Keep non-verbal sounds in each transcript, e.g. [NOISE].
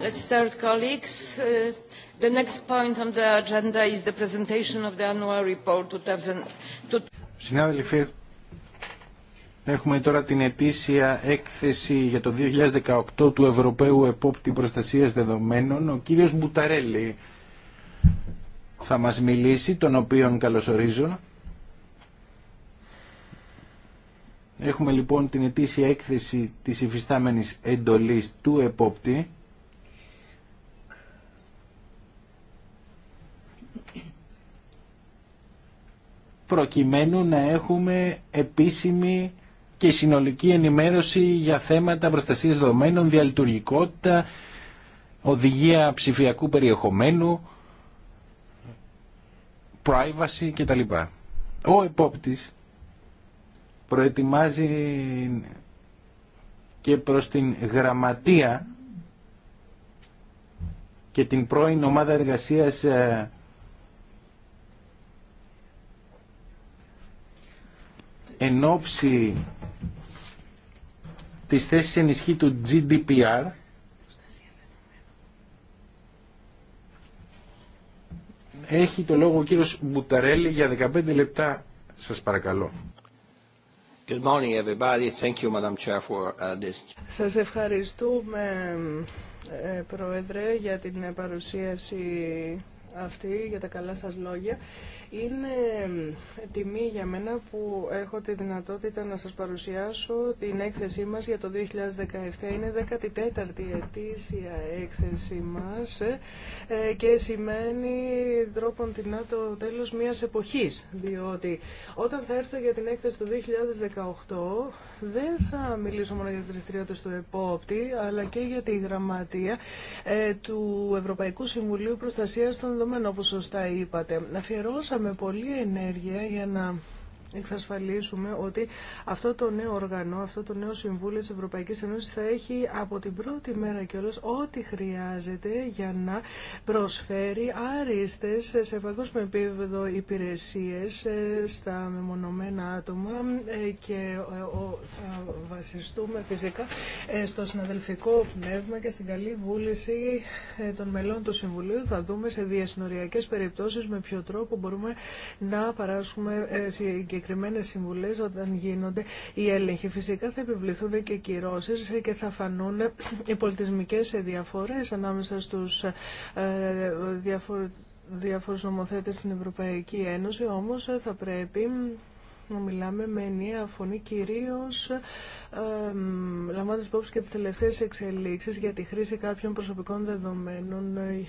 Let's start, colleagues. Uh, the next point on the agenda is the presentation of the annual report Συνάδελφοι, έχουμε τώρα την ετήσια έκθεση για το 2018 του Ευρωπαίου Επόπτη Προστασίας Δεδομένων. Ο κύριος Μπουταρέλη θα μας μιλήσει, τον οποίον καλωσορίζω. Έχουμε λοιπόν την ετήσια έκθεση της υφιστάμενης εντολής του επόπτη προκειμένου να έχουμε επίσημη και συνολική ενημέρωση για θέματα προστασίας δεδομένων, διαλειτουργικότητα, οδηγία ψηφιακού περιεχομένου, privacy κτλ. Ο επόπτης προετοιμάζει και προς την γραμματεία και την πρώην ομάδα εργασίας ε, εν ώψη της θέσης ενισχύ του GDPR έχει το λόγο ο κύριος Μπουταρέλη για 15 λεπτά σας παρακαλώ. Good morning everybody. Thank you, Madam Chair, for uh, this. Σας ευχαριστούμε, ε, Πρόεδρε, για την παρουσίαση αυτή, για τα καλά σας λόγια. Είναι τιμή για μένα που έχω τη δυνατότητα να σας παρουσιάσω την έκθεσή μας για το 2017. Είναι 14η ετήσια έκθεσή μας ε, ε, και σημαίνει τρόπον την το τέλος μιας εποχής. Διότι όταν θα έρθω για την έκθεση του 2018 δεν θα μιλήσω μόνο για τις δραστηριότητες του επόπτη αλλά και για τη γραμματεία ε, του Ευρωπαϊκού Συμβουλίου Προστασίας των Δεδομένων όπως σωστά είπατε. Αφιερώσαμε με πολλή ενέργεια για να εξασφαλίσουμε ότι αυτό το νέο οργανό, αυτό το νέο Συμβούλιο της Ευρωπαϊκής Ένωσης θα έχει από την πρώτη μέρα κιόλας ό,τι χρειάζεται για να προσφέρει άριστες σε παγκόσμιο επίπεδο υπηρεσίες ε, στα μεμονωμένα άτομα ε, και ε, θα βασιστούμε φυσικά στο συναδελφικό πνεύμα και στην καλή βούληση των μελών του Συμβουλίου. Θα δούμε σε διασυνοριακές περιπτώσεις με ποιο τρόπο μπορούμε να παράσουμε συγκεκριμένα συγκεκριμένε συμβουλέ όταν γίνονται οι έλεγχοι. Φυσικά θα επιβληθούν και κυρώσει και θα φανούν οι πολιτισμικέ διαφορέ ανάμεσα στους ε, διαφορου νομοθέτε στην Ευρωπαϊκή Ένωση, όμω ε, θα πρέπει να μιλάμε με ενιαία φωνή, κυρίως ε, λαμβάνοντας υπόψη και τις τελευταίες εξελίξεις για τη χρήση κάποιων προσωπικών δεδομένων ε,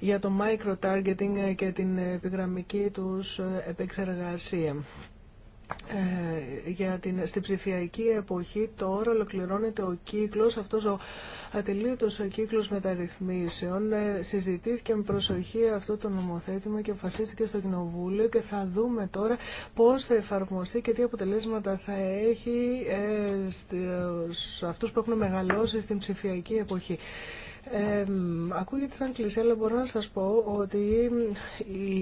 για το micro-targeting ε, και την επιγραμμική τους ε, επεξεργασία. Ε, για την, στη ψηφιακή εποχή τώρα ολοκληρώνεται ο κύκλος, αυτός ο ατελείωτος ο κύκλος μεταρρυθμίσεων. Ε, συζητήθηκε με προσοχή αυτό το νομοθέτημα και αποφασίστηκε στο Κοινοβούλιο και θα δούμε τώρα πώς θα εφαρμοστεί και τι αποτελέσματα θα έχει ε, σε αυτούς που έχουν μεγαλώσει στην ψηφιακή εποχή. Ε, ακούγεται σαν κλεισέ, αλλά μπορώ να σας πω ότι η,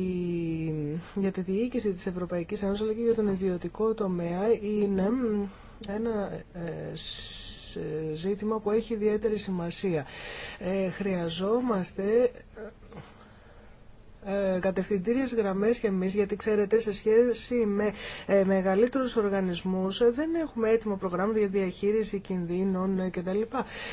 για τη διοίκηση της Ευρωπαϊκής Ένωσης αλλά και για τον ιδιωτικό τομέα είναι ένα ε, ζήτημα που έχει ιδιαίτερη σημασία. Ε, χρειαζόμαστε ε, κατευθυντήριες γραμμές και εμείς, γιατί ξέρετε σε σχέση με ε, μεγαλύτερους οργανισμούς ε, δεν έχουμε έτοιμο προγράμμα για διαχείριση κινδύνων ε, κτλ.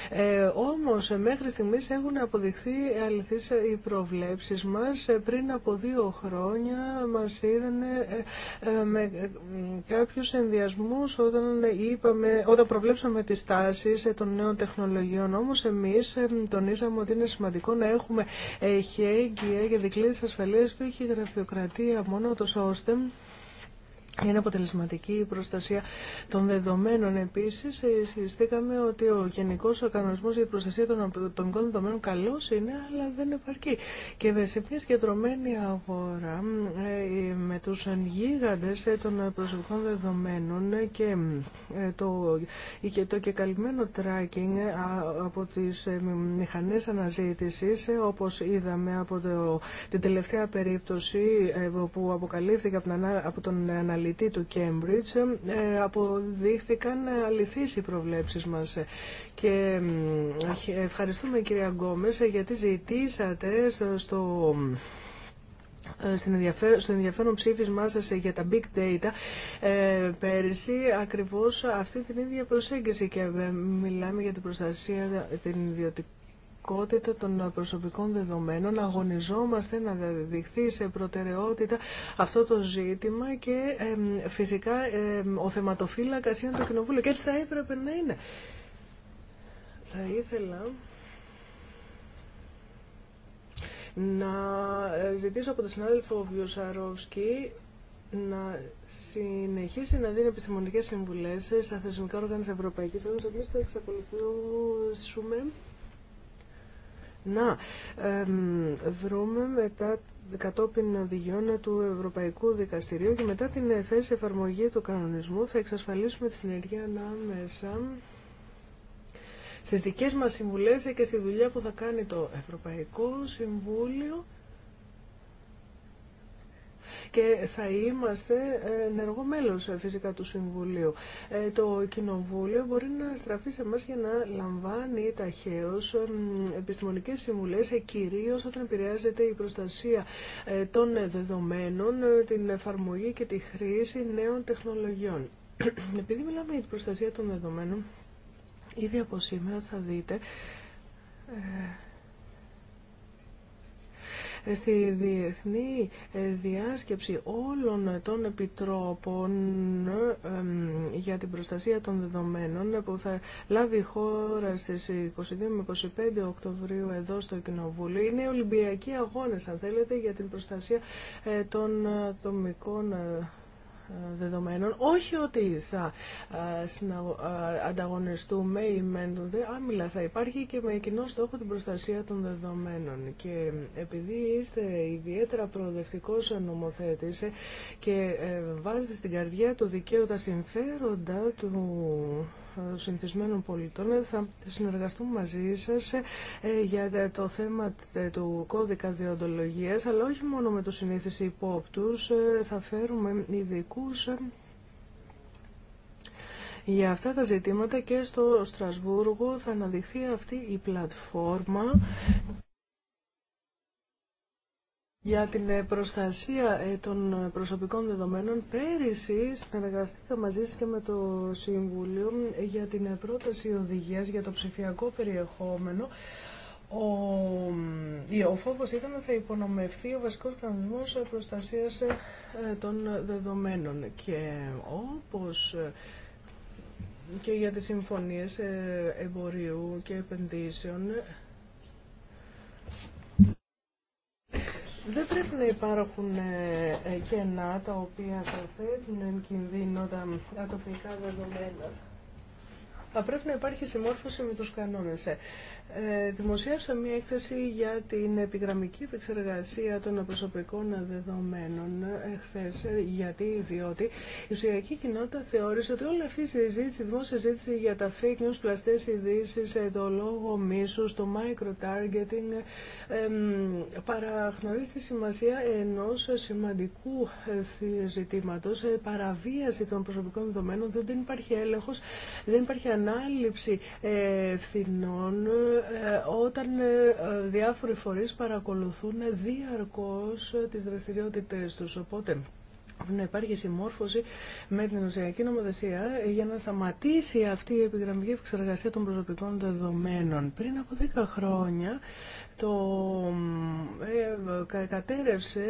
Ε, όμως ε, μέχρι στιγμής έχουν αποδειχθεί αληθείς οι προβλέψεις μας. πριν από δύο χρόνια μας είδαν με κάποιους ενδιασμούς όταν, είπαμε, όταν προβλέψαμε τις τάσεις των νέων τεχνολογιών. Όμως εμείς τονίσαμε ότι είναι σημαντικό να έχουμε ε, χέγγυα και ασφαλείας που όχι γραφειοκρατία μόνο, το ώστε είναι αποτελεσματική η προστασία των δεδομένων. Επίση, ε, συζητήκαμε ότι ο Γενικό Οργανισμό για την Προστασία των Ατομικών Δεδομένων καλό είναι, αλλά δεν επαρκεί. Και σε μια συγκεντρωμένη αγορά, ε, με του γίγαντε ε, των προσωπικών δεδομένων και το, και το κεκαλυμμένο tracking από τι μηχανέ αναζήτηση, όπω είδαμε από την τελευταία περίπτωση που αποκαλύφθηκε από τον αναλυτή αναλυτή του Κέμπριτζ ε, αποδείχθηκαν ε, αληθείς οι προβλέψεις μας. Ε, και ευχαριστούμε κυρία Γκόμες γιατί ζητήσατε στο στο ενδιαφέρον ψήφισμά σας για τα big data πέρυσι ακριβώς αυτή την ίδια προσέγγιση και μιλάμε για την προστασία την ιδιωτική προσωπικότητα των προσωπικών δεδομένων. να Αγωνιζόμαστε να διαδειχθεί σε προτεραιότητα αυτό το ζήτημα και φυσικά ο θεματοφύλακας είναι το Κοινοβούλιο και έτσι θα έπρεπε να είναι. Θα ήθελα να ε, ζητήσω από τον συνάδελφο Βιουσαρόφσκι να συνεχίσει να δίνει επιστημονικέ συμβουλές στα θεσμικά όργανα τη Ευρωπαϊκή Ένωση. Εμείς θα εξακολουθήσουμε να δρούμε μετά κατόπιν οδηγιών του Ευρωπαϊκού Δικαστηρίου και μετά την θέση εφαρμογή του κανονισμού θα εξασφαλίσουμε τη συνεργεία ανάμεσα στις δικές μας συμβουλές και στη δουλειά που θα κάνει το Ευρωπαϊκό Συμβούλιο και θα είμαστε ενεργό ε, φυσικά του Συμβουλίου. Ε, το Κοινοβούλιο μπορεί να στραφεί σε εμάς για να λαμβάνει ταχαίως επιστημονικές συμβουλές, ε, κυρίως όταν επηρεάζεται η προστασία των δεδομένων, την εφαρμογή και τη χρήση νέων τεχνολογιών. [CLEARS THROAT] Επειδή μιλάμε για την προστασία των δεδομένων, ήδη από σήμερα θα δείτε στη διεθνή ε, διάσκεψη όλων των επιτρόπων για την προστασία των δεδομένων που θα λάβει η χώρα στις 22 με 25 Οκτωβρίου εδώ στο Κοινοβούλιο. Είναι οι Ολυμπιακοί Αγώνες, αν θέλετε, για την προστασία ε, των ατομικών ε, δεδομένων. Όχι ότι θα ε, ε, ανταγωνιστούμε ή δε άμυλα. Θα υπάρχει και με κοινό στόχο την προστασία των δεδομένων. Και επειδή είστε ιδιαίτερα προοδευτικός νομοθέτης ε, και βάζετε στην καρδιά του δικαίου τα συμφέροντα του Συνθισμένων συνηθισμένων πολιτών. Θα συνεργαστούμε μαζί σας ε, για το θέμα του κώδικα διοντολογίας, αλλά όχι μόνο με τους συνήθηση υπόπτους. Ε, θα φέρουμε ειδικού ε, για αυτά τα ζητήματα και στο Στρασβούργο θα αναδειχθεί αυτή η πλατφόρμα για την ε, προστασία ε, των προσωπικών δεδομένων, πέρυσι συνεργαστήκα μαζί σας και με το Συμβουλίο ε, για την πρόταση οδηγίας για το ψηφιακό περιεχόμενο. Ο, ο φόβος ήταν ότι θα υπονομευθεί ο βασικός κανονισμός προστασίας των δεδομένων. Και όπως και για τις συμφωνίες εμπορίου και επενδύσεων, Δεν πρέπει να υπάρχουν ε, ε, κενά τα οποία θα θέτουν εν κινδύνο τα τοπικά δεδομένα. Θα πρέπει να υπάρχει συμμόρφωση με τους κανόνες. Ε, ε, δημοσίευσα μια έκθεση για την επιγραμμική επεξεργασία των προσωπικών δεδομένων ε, χθε, ε, γιατί, διότι η ουσιακή κοινότητα θεώρησε ότι όλη αυτή η συζήτηση, η δημόσια συζήτηση για τα fake news, πλαστέ ειδήσει, το λόγο μίσου, το micro-targeting, παραγνωρίζει τη σημασία ενό σημαντικού ζητήματος, παραβίαση των προσωπικών δεδομένων, δεν υπάρχει έλεγχο, δεν υπάρχει ανάληψη ευθυνών, ε, όταν ε, διάφοροι φορείς παρακολουθούν διαρκώς ε, τις δραστηριότητες τους. Οπότε να υπάρχει συμμόρφωση με την ουσιακή νομοθεσία για να σταματήσει αυτή η επιγραμμική εξεργασία των προσωπικών δεδομένων. Πριν από 10 χρόνια το ε, κατέρευσε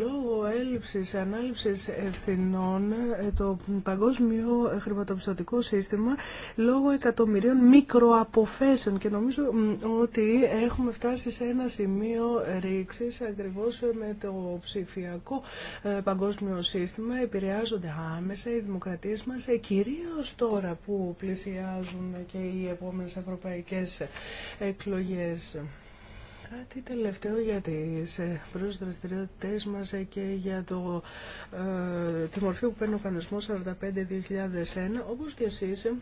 λόγω έλλειψης, ανάληψης ευθυνών ε, το παγκόσμιο χρηματοπιστωτικό σύστημα λόγω εκατομμυρίων μικροαποφέσεων και νομίζω ότι έχουμε φτάσει σε ένα σημείο ρήξης ακριβώς με το ψηφιακό ε, παγκόσμιο σύστημα επηρεάζονται άμεσα οι δημοκρατίες μας ε, κυρίως τώρα που πλησιάζουν και οι επόμενες ευρωπαϊκές εκλογές. Κάτι τελευταίο για τις ε, πρώτες δραστηριότητες μας ε, και για το, ε, τη μορφή που παίρνει ο κανονισμός 45-2001. Όπως και εσείς, ε,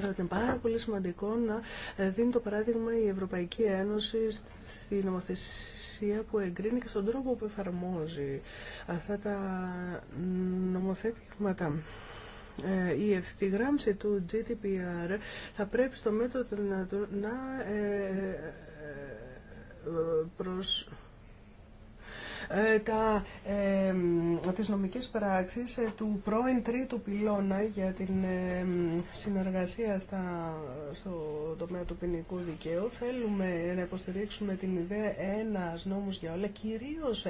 θα ήταν πάρα πολύ σημαντικό να δίνει το παράδειγμα η Ευρωπαϊκή Ένωση στη νομοθεσία που εγκρίνει και στον τρόπο που εφαρμόζει αυτά τα νομοθέτηματα. Η ευθυγράμμιση του GDPR θα πρέπει στο μέτρο να ε, προς ε, τα, ε, τις νομικές πράξεις ε, του πρώην τρίτου πυλώνα για την ε, συνεργασία στα, στο τομέα του ποινικού δικαίου. Θέλουμε να υποστηρίξουμε την ιδέα ένας νόμος για όλα, κυρίως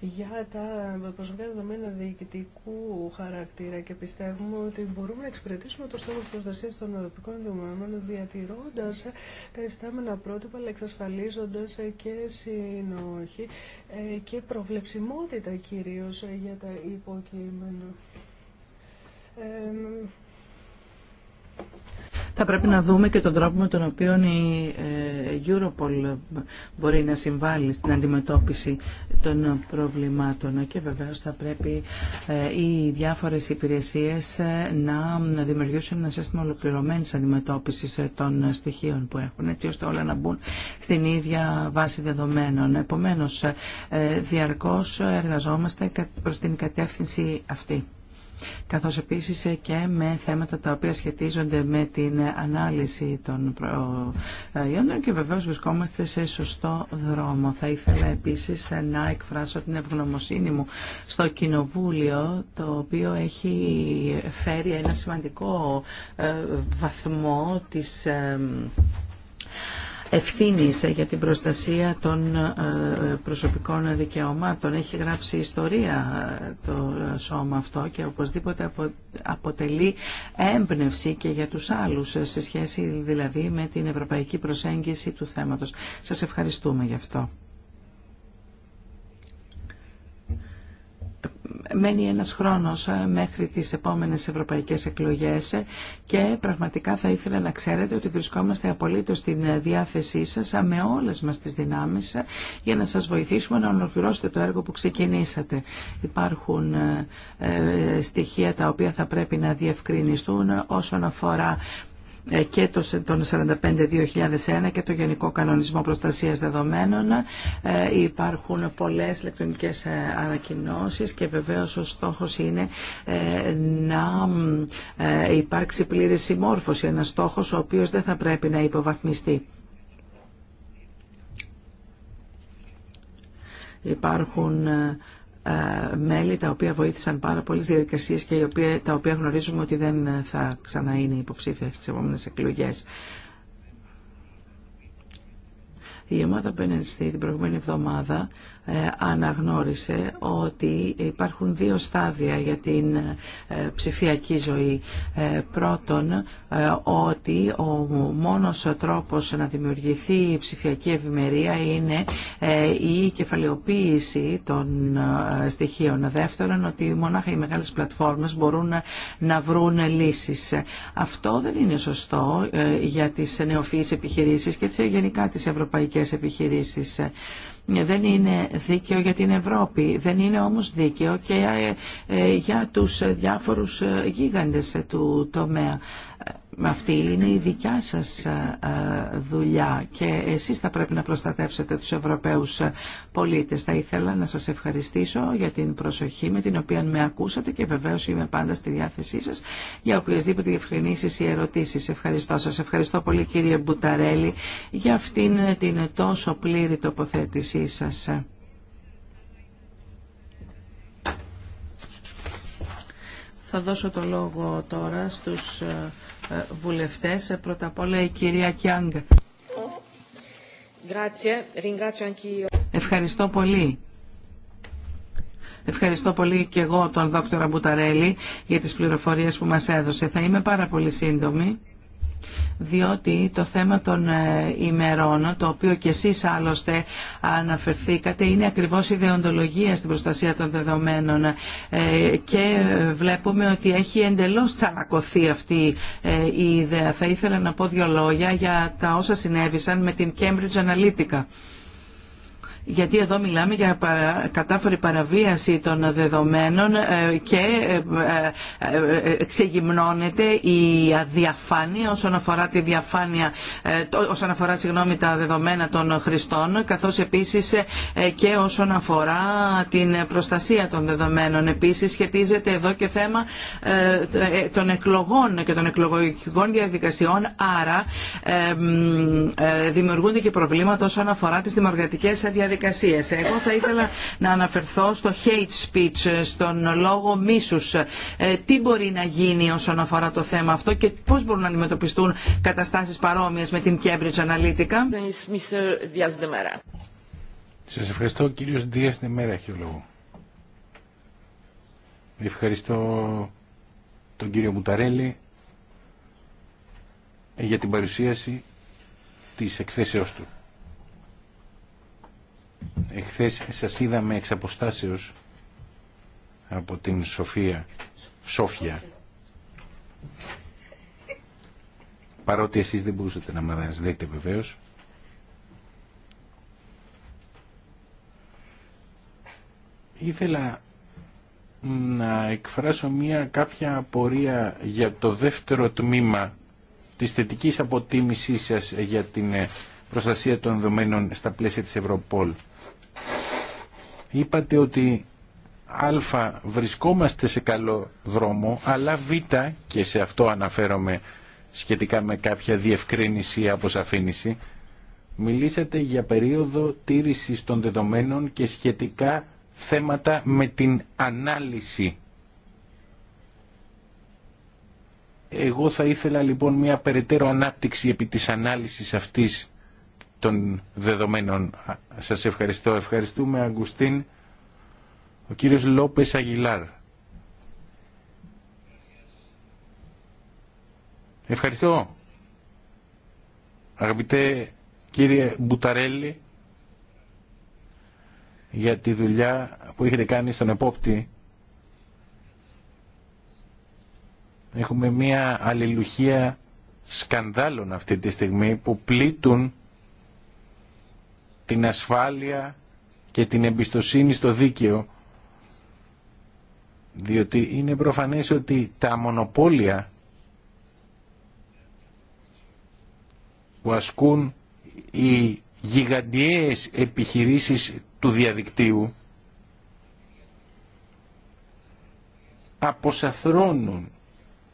για τα προσωπικά δεδομένα διοικητικού χαρακτήρα και πιστεύουμε ότι μπορούμε να εξυπηρετήσουμε το στόχο της προστασίας των ευρωπαϊκών δεδομένων διατηρώντας τα ιστάμενα πρότυπα αλλά εξασφαλίζοντας και συνοχή και προ προβλεψιμότητα κυρίως για τα υποκείμενα θα πρέπει να δούμε και τον τρόπο με τον οποίο η ε, Europol μπορεί να συμβάλλει στην αντιμετώπιση των προβλημάτων και βεβαίως θα πρέπει ε, οι διάφορες υπηρεσίες ε, να δημιουργήσουν ένα σύστημα ολοκληρωμένης αντιμετώπισης των στοιχείων που έχουν έτσι ώστε όλα να μπουν στην ίδια βάση δεδομένων. Επομένως, διαρκώς εργαζόμαστε προς την κατεύθυνση αυτή καθώς επίσης και με θέματα τα οποία σχετίζονται με την ανάλυση των προϊόντων και βεβαίως βρισκόμαστε σε σωστό δρόμο. Θα ήθελα επίσης να εκφράσω την ευγνωμοσύνη μου στο Κοινοβούλιο, το οποίο έχει φέρει ένα σημαντικό ε, βαθμό της ε, ευθύνης για την προστασία των ε, προσωπικών δικαιωμάτων. Έχει γράψει ιστορία ε, το σώμα αυτό και οπωσδήποτε αποτελεί έμπνευση και για τους άλλους ε, σε σχέση δηλαδή με την ευρωπαϊκή προσέγγιση του θέματος. Σας ευχαριστούμε γι' αυτό. μένει ένας χρόνος ε, μέχρι τις επόμενες ευρωπαϊκές εκλογές ε, και πραγματικά θα ήθελα να ξέρετε ότι βρισκόμαστε απολύτως στην ε, διάθεσή σας με όλες μας τις δυνάμεις για να σας βοηθήσουμε να ολοκληρώσετε το έργο που ξεκινήσατε. Υπάρχουν στοιχεία τα οποία θα πρέπει να διευκρινιστούν όσον αφορά ε, και το, τον 45-2001 και το Γενικό Κανονισμό Προστασίας Δεδομένων. Ε, υπάρχουν πολλές ηλεκτρονικές ε, ανακοινώσεις και βεβαίως ο στόχος είναι να υπάρξει πλήρη συμμόρφωση, Ένα στόχος ο οποίος δεν θα πρέπει να υποβαθμιστεί. Υπάρχουν ε, μέλη τα οποία βοήθησαν πάρα πολλέ διαδικασίε και τα οποία γνωρίζουμε ότι δεν θα ξανά είναι υποψήφια στις επόμενε εκλογέ. Η ομάδα Μπένενστη την προηγούμενη εβδομάδα ε, αναγνώρισε ότι υπάρχουν δύο στάδια για την ε, ψηφιακή ζωή. Ε, πρώτον, ότι ο μόνος τρόπος να δημιουργηθεί η ψηφιακή ευημερία είναι η κεφαλαιοποίηση των στοιχείων. Δεύτερον, ότι μονάχα οι μεγάλες πλατφόρμες μπορούν να βρουν λύσεις. Αυτό δεν είναι σωστό για τις νεοφυείς επιχειρήσεις και γενικά τις ευρωπαϊκές επιχειρήσεις δεν είναι δίκαιο για την Ευρώπη, δεν είναι όμως δίκαιο και ε, ε, για τους διάφορους ε, γίγαντες του τομέα αυτή είναι η δικιά σας ε, ε, δουλειά και εσείς θα πρέπει να προστατεύσετε τους Ευρωπαίους πολίτες. Θα ήθελα να σας ευχαριστήσω για την προσοχή με την οποία με ακούσατε και βεβαίως είμαι πάντα στη διάθεσή σας για οποιασδήποτε διευκρινήσεις ή ερωτήσεις. Ευχαριστώ σας. Ευχαριστώ πολύ κύριε Μπουταρέλη για αυτήν την τόσο πλήρη τοποθέτησή σας. Θα δώσω το λόγο τώρα στους ε, ε, βουλευτές. Ε, πρώτα απ' όλα η κυρία Κιάνγκ. Ευχαριστώ πολύ. Ευχαριστώ πολύ και εγώ τον δόκτωρα Μπουταρέλη για τις πληροφορίες που μας έδωσε. Θα είμαι πάρα πολύ σύντομη διότι το θέμα των ε, ημερών, το οποίο και εσείς άλλωστε αναφερθήκατε, είναι ακριβώς η δεοντολογία στην προστασία των δεδομένων ε, και βλέπουμε ότι έχει εντελώς τσαλακωθεί αυτή ε, η ιδέα. Θα ήθελα να πω δύο λόγια για τα όσα συνέβησαν με την Cambridge Analytica γιατί εδώ μιλάμε για κατάφορη παραβίαση των δεδομένων ε, και ε, ε, ξεγυμνώνεται η αδιαφάνεια όσον αφορά τη διαφάνεια όσον αφορά συγγνώμη, τα δεδομένα των χρηστών καθώς επίσης και όσον αφορά την προστασία των δεδομένων. Επίσης σχετίζεται εδώ και θέμα των εκλογών και των εκλογικών διαδικασιών άρα δημιουργούνται και προβλήματα όσον αφορά τις δημοργατικές διαδικασίες εγώ θα ήθελα να αναφερθώ στο hate speech, στον λόγο μίσους. Ε, τι μπορεί να γίνει όσον αφορά το θέμα αυτό και πώς μπορούν να αντιμετωπιστούν καταστάσεις παρόμοιες με την Cambridge Analytica. Σας ευχαριστώ. κύριος Δίας Νεμέρα έχει Ευχαριστώ τον κύριο Μουταρέλη για την παρουσίαση της εκθέσεώς του. Εχθές σας είδαμε εξ αποστάσεως από την Σοφία. Σόφια. Παρότι εσείς δεν μπορούσατε να μας δείτε βεβαίως. Ήθελα να εκφράσω μία κάποια απορία για το δεύτερο τμήμα της θετικής αποτίμησής σας για την προστασία των δεδομένων στα πλαίσια της Ευρωπόλ. Είπατε ότι α βρισκόμαστε σε καλό δρόμο, αλλά β και σε αυτό αναφέρομαι σχετικά με κάποια διευκρίνηση ή αποσαφήνιση, μιλήσατε για περίοδο τήρησης των δεδομένων και σχετικά θέματα με την ανάλυση. Εγώ θα ήθελα λοιπόν μια περαιτέρω ανάπτυξη επί της ανάλυσης αυτής των δεδομένων. Σας ευχαριστώ. Ευχαριστούμε, Αγκουστίν. Ο κύριος Λόπες Αγιλάρ. Ευχαριστώ. Αγαπητέ κύριε Μπουταρέλη, για τη δουλειά που έχετε κάνει στον επόπτη. Έχουμε μία αλληλουχία σκανδάλων αυτή τη στιγμή που πλήττουν την ασφάλεια και την εμπιστοσύνη στο δίκαιο. Διότι είναι προφανές ότι τα μονοπόλια που ασκούν οι γιγαντιές επιχειρήσεις του διαδικτύου αποσαθρώνουν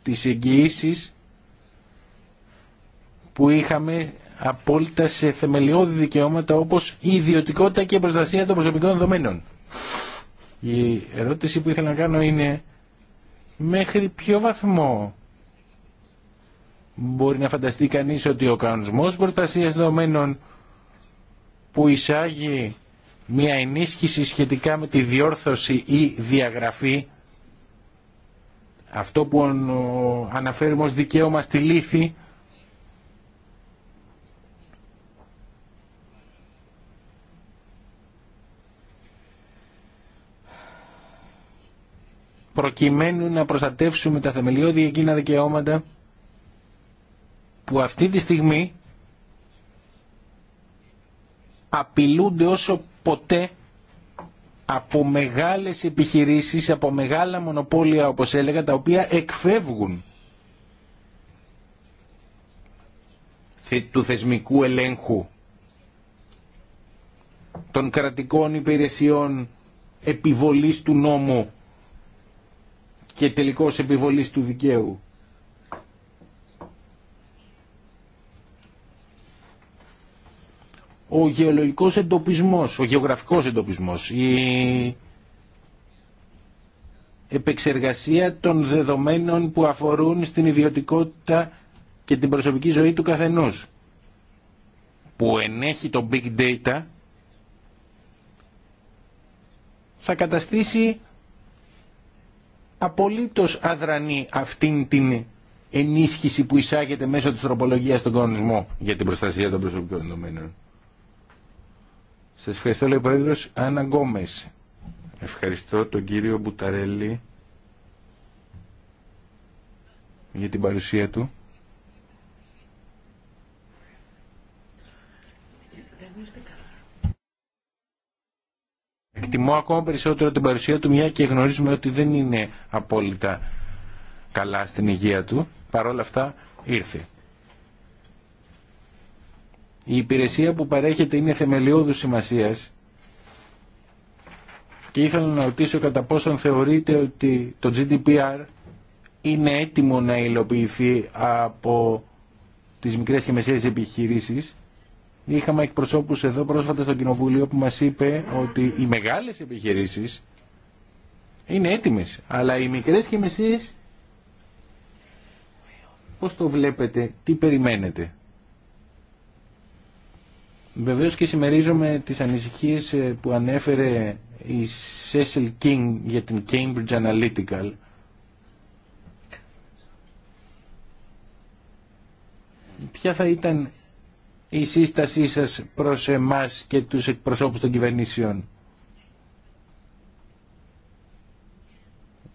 τις εγγυήσεις που είχαμε απόλυτα σε θεμελιώδη δικαιώματα όπως η ιδιωτικότητα και η προστασία των προσωπικών δεδομένων. Η ερώτηση που ήθελα να κάνω είναι μέχρι ποιο βαθμό μπορεί να φανταστεί κανείς ότι ο κανονισμός προστασίας δεδομένων που εισάγει μια ενίσχυση σχετικά με τη διόρθωση ή διαγραφή αυτό που αναφέρουμε ως δικαίωμα στη λύθη προκειμένου να προστατεύσουμε τα θεμελιώδη εκείνα δικαιώματα που αυτή τη στιγμή απειλούνται όσο ποτέ από μεγάλες επιχειρήσεις, από μεγάλα μονοπόλια όπως έλεγα, τα οποία εκφεύγουν του θεσμικού ελέγχου των κρατικών υπηρεσιών επιβολής του νόμου και τελικός επιβολής του δικαίου. Ο γεωλογικός εντοπισμός, ο γεωγραφικός εντοπισμός, η επεξεργασία των δεδομένων που αφορούν στην ιδιωτικότητα και την προσωπική ζωή του καθενός που ενέχει το big data θα καταστήσει απολύτως αδρανεί αυτήν την ενίσχυση που εισάγεται μέσω της τροπολογίας στον κανονισμό για την προστασία των προσωπικών δεδομένων. Σας ευχαριστώ, λέει ο Πρόεδρος Άννα Ευχαριστώ τον κύριο Μπουταρέλη για την παρουσία του. εκτιμώ ακόμα περισσότερο την παρουσία του μια και γνωρίζουμε ότι δεν είναι απόλυτα καλά στην υγεία του. Παρ' όλα αυτά ήρθε. Η υπηρεσία που παρέχεται είναι θεμελιώδους σημασίας και ήθελα να ρωτήσω κατά πόσον θεωρείτε ότι το GDPR είναι έτοιμο να υλοποιηθεί από τις μικρές και μεσαίες επιχειρήσεις Είχαμε εκπροσώπους εδώ πρόσφατα στο Κοινοβούλιο που μας είπε ότι οι μεγάλες επιχειρήσεις είναι έτοιμες, αλλά οι μικρές και μεσίες πώς το βλέπετε, τι περιμένετε. Βεβαίω και συμμερίζομαι τις ανησυχίες ε, που ανέφερε η Cecil King για την Cambridge Analytical. Ποια θα ήταν η σύστασή σας προς εμάς και τους εκπροσώπους των κυβερνήσεων.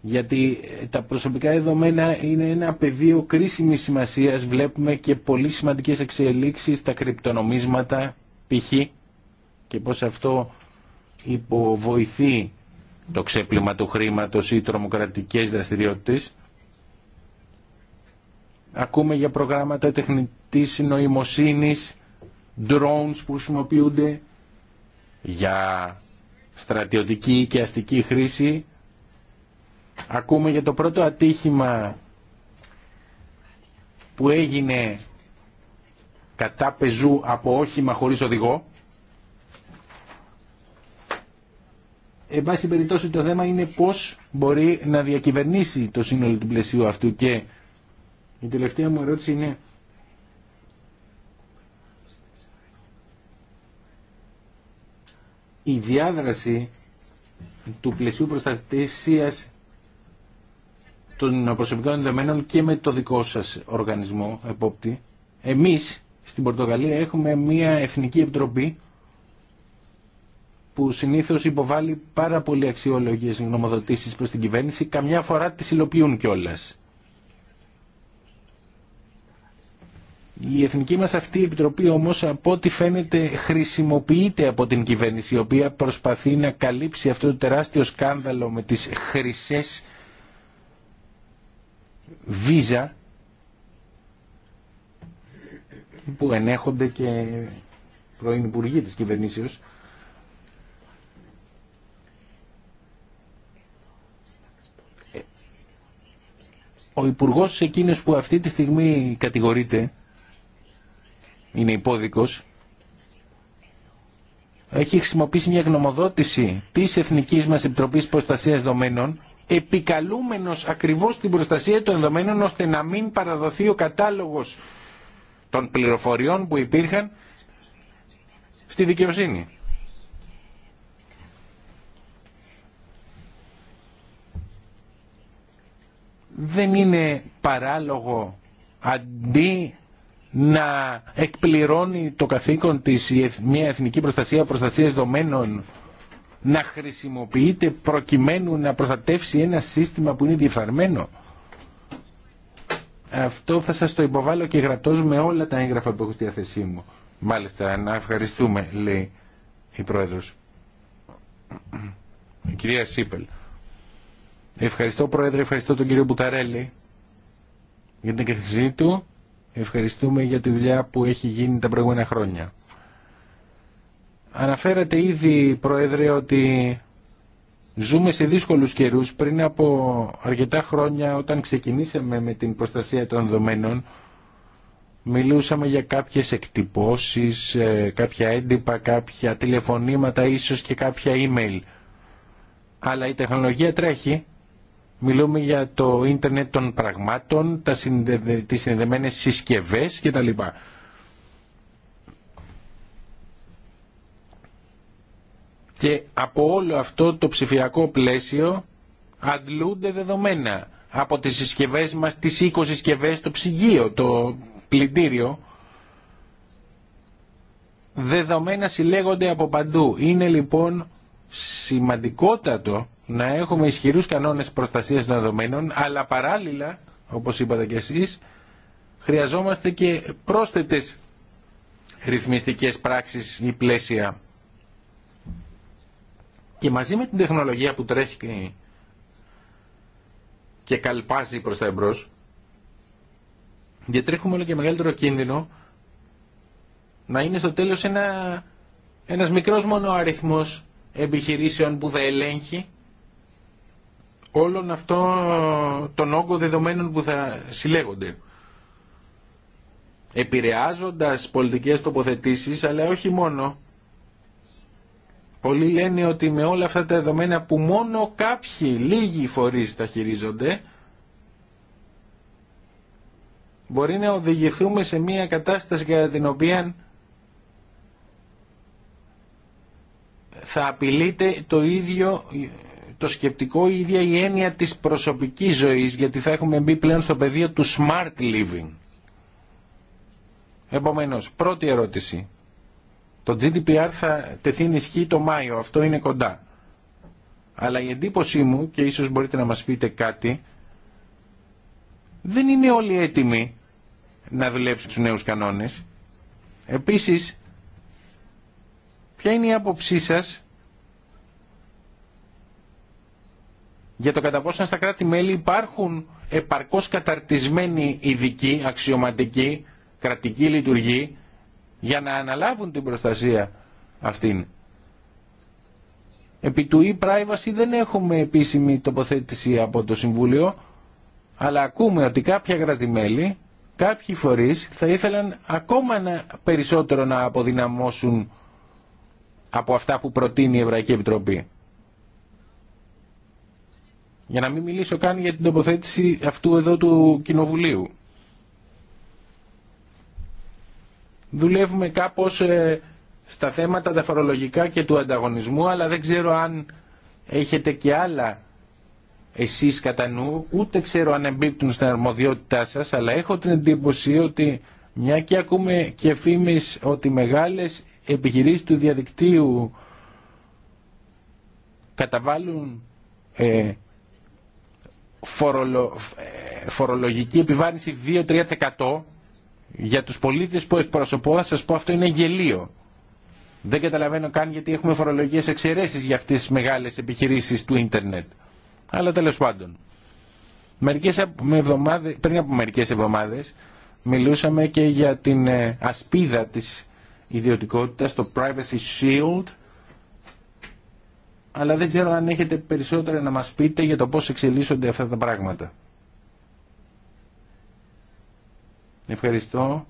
Γιατί τα προσωπικά δεδομένα είναι ένα πεδίο κρίσιμης σημασίας. Βλέπουμε και πολύ σημαντικές εξελίξεις στα κρυπτονομίσματα, π.χ. και πώς αυτό υποβοηθεί το ξέπλυμα του χρήματος ή τρομοκρατικές δραστηριότητες. Ακούμε για προγράμματα τεχνητής νοημοσύνης drones που χρησιμοποιούνται για στρατιωτική και αστική χρήση. Ακούμε για το πρώτο ατύχημα που έγινε κατά πεζού από όχημα χωρίς οδηγό. Εν πάση περιπτώσει το θέμα είναι πώς μπορεί να διακυβερνήσει το σύνολο του πλαισίου αυτού και η τελευταία μου ερώτηση είναι η διάδραση του πλαισίου προστασίας των προσωπικών δεδομένων και με το δικό σας οργανισμό επόπτη. Εμείς στην Πορτογαλία έχουμε μια εθνική επιτροπή που συνήθως υποβάλλει πάρα πολύ αξιόλογες γνωμοδοτήσεις προς την κυβέρνηση, καμιά φορά τις υλοποιούν κιόλας. Η εθνική μας αυτή επιτροπή όμως από ό,τι φαίνεται χρησιμοποιείται από την κυβέρνηση η οποία προσπαθεί να καλύψει αυτό το τεράστιο σκάνδαλο με τις χρυσές βίζα που ενέχονται και πρώην υπουργοί της κυβερνήσεως ε, ο υπουργός εκείνος που αυτή τη στιγμή κατηγορείται είναι υπόδικος, έχει χρησιμοποιήσει μια γνωμοδότηση της Εθνικής μας Επιτροπής Προστασίας Δομένων, επικαλούμενος ακριβώς την προστασία των δομένων, ώστε να μην παραδοθεί ο κατάλογος των πληροφοριών που υπήρχαν στη δικαιοσύνη. Δεν είναι παράλογο αντί να εκπληρώνει το καθήκον της μια εθνική προστασία προστασίας δομένων να χρησιμοποιείται προκειμένου να προστατεύσει ένα σύστημα που είναι διεφθαρμένο. Αυτό θα σας το υποβάλω και γρατώζω με όλα τα έγγραφα που έχω στη διάθεσή μου. Μάλιστα, να ευχαριστούμε, λέει η Πρόεδρος. Η κυρία Σίπελ. Ευχαριστώ, Πρόεδρε, ευχαριστώ τον κύριο Μπουταρέλη για την του. Ευχαριστούμε για τη δουλειά που έχει γίνει τα προηγούμενα χρόνια. Αναφέρατε ήδη, Πρόεδρε, ότι ζούμε σε δύσκολους καιρούς. Πριν από αρκετά χρόνια, όταν ξεκινήσαμε με την προστασία των δεδομένων, μιλούσαμε για κάποιες εκτυπώσεις, ε, κάποια έντυπα, κάποια τηλεφωνήματα, ίσως και κάποια email. Αλλά η τεχνολογία τρέχει Μιλούμε για το ίντερνετ των πραγμάτων, τα συνδεδε, τις συνδεδεμένες συσκευές κτλ. Και από όλο αυτό το ψηφιακό πλαίσιο αντλούνται δεδομένα από τις συσκευές μας, τις 20 συσκευές, το ψυγείο, το πλυντήριο. Δεδομένα συλλέγονται από παντού. Είναι λοιπόν σημαντικότατο να έχουμε ισχυρούς κανόνες προστασίας των δεδομένων, αλλά παράλληλα, όπως είπατε και εσείς, χρειαζόμαστε και πρόσθετες ρυθμιστικές πράξεις ή πλαίσια. Και μαζί με την τεχνολογία που τρέχει και καλπάζει προς τα εμπρός, διατρέχουμε όλο και μεγαλύτερο κίνδυνο να είναι στο τέλος ένα, ένας μικρός μόνο αριθμός επιχειρήσεων που θα ελέγχει, όλων αυτών των όγκο δεδομένων που θα συλλέγονται. Επηρεάζοντας πολιτικές τοποθετήσεις, αλλά όχι μόνο. Πολλοί λένε ότι με όλα αυτά τα δεδομένα που μόνο κάποιοι λίγοι φορείς τα χειρίζονται, μπορεί να οδηγηθούμε σε μια κατάσταση κατά την οποία θα απειλείται το ίδιο το σκεπτικό, η ίδια η έννοια της προσωπικής ζωής, γιατί θα έχουμε μπει πλέον στο πεδίο του smart living. Επομένως, πρώτη ερώτηση. Το GDPR θα τεθεί ισχύ το Μάιο, αυτό είναι κοντά. Αλλά η εντύπωσή μου, και ίσως μπορείτε να μας πείτε κάτι, δεν είναι όλοι έτοιμοι να δουλέψουν τους νέους κανόνες. Επίσης, Ποια είναι η άποψή σας για το κατά πόσο στα κράτη-μέλη υπάρχουν επαρκώς καταρτισμένοι ειδικοί, αξιωματικοί, κρατικοί λειτουργοί για να αναλάβουν την προστασία αυτήν. Επί του e-privacy δεν έχουμε επίσημη τοποθέτηση από το Συμβούλιο, αλλά ακούμε ότι κάποια κάποια κράτη-μέλη, κάποιοι φορείς θα ήθελαν ακόμα περισσότερο να αποδυναμώσουν από αυτά που προτείνει η Ευρωπαϊκή Επιτροπή. Για να μην μιλήσω καν για την τοποθέτηση αυτού εδώ του Κοινοβουλίου. Δουλεύουμε κάπως ε, στα θέματα τα φορολογικά και του ανταγωνισμού, αλλά δεν ξέρω αν έχετε και άλλα εσείς κατά νου, ούτε ξέρω αν εμπίπτουν στην αρμοδιότητά σας, αλλά έχω την εντύπωση ότι μια και ακούμε και φήμης ότι μεγάλες Επιχειρήσει του διαδικτύου καταβάλουν ε, ε, φορολογική επιβάρυνση 2-3% για τους πολίτες που εκπροσωπώ θα σας πω αυτό είναι γελίο. Δεν καταλαβαίνω καν γιατί έχουμε φορολογίες εξαιρέσεις για αυτές τις μεγάλες επιχειρήσεις του ίντερνετ. Αλλά τέλος πάντων. Μερικές εβδομάδες, πριν από μερικές εβδομάδες μιλούσαμε και για την ε, ασπίδα της ιδιωτικότητα το Privacy Shield, αλλά δεν ξέρω αν έχετε περισσότερα να μας πείτε για το πώς εξελίσσονται αυτά τα πράγματα. Ευχαριστώ.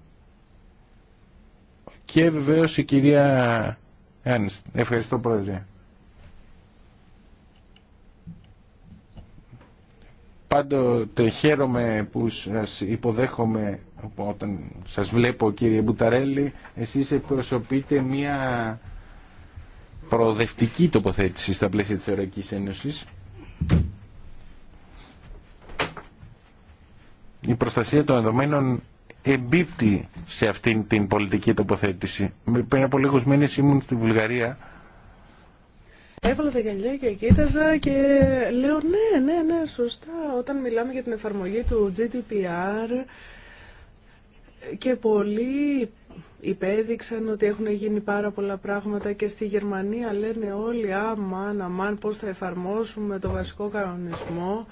Και βεβαίως η κυρία Ένστ Ευχαριστώ πρόεδρε. Πάντοτε χαίρομαι που σας υποδέχομαι όταν σας βλέπω κύριε Μπουταρέλη, εσείς εκπροσωπείτε μια προοδευτική τοποθέτηση στα πλαίσια της Ευρωπαϊκής Ένωσης. Η προστασία των δεδομένων εμπίπτει σε αυτήν την πολιτική τοποθέτηση. Πριν από λίγους μήνες ήμουν στη Βουλγαρία Έβαλα τα γυαλιά και κοίταζα και λέω ναι, ναι, ναι, σωστά. Όταν μιλάμε για την εφαρμογή του GDPR, και πολλοί υπέδειξαν ότι έχουν γίνει πάρα πολλά πράγματα και στη Γερμανία λένε όλοι αμάν αμάν πώς θα εφαρμόσουμε το βασικό κανονισμό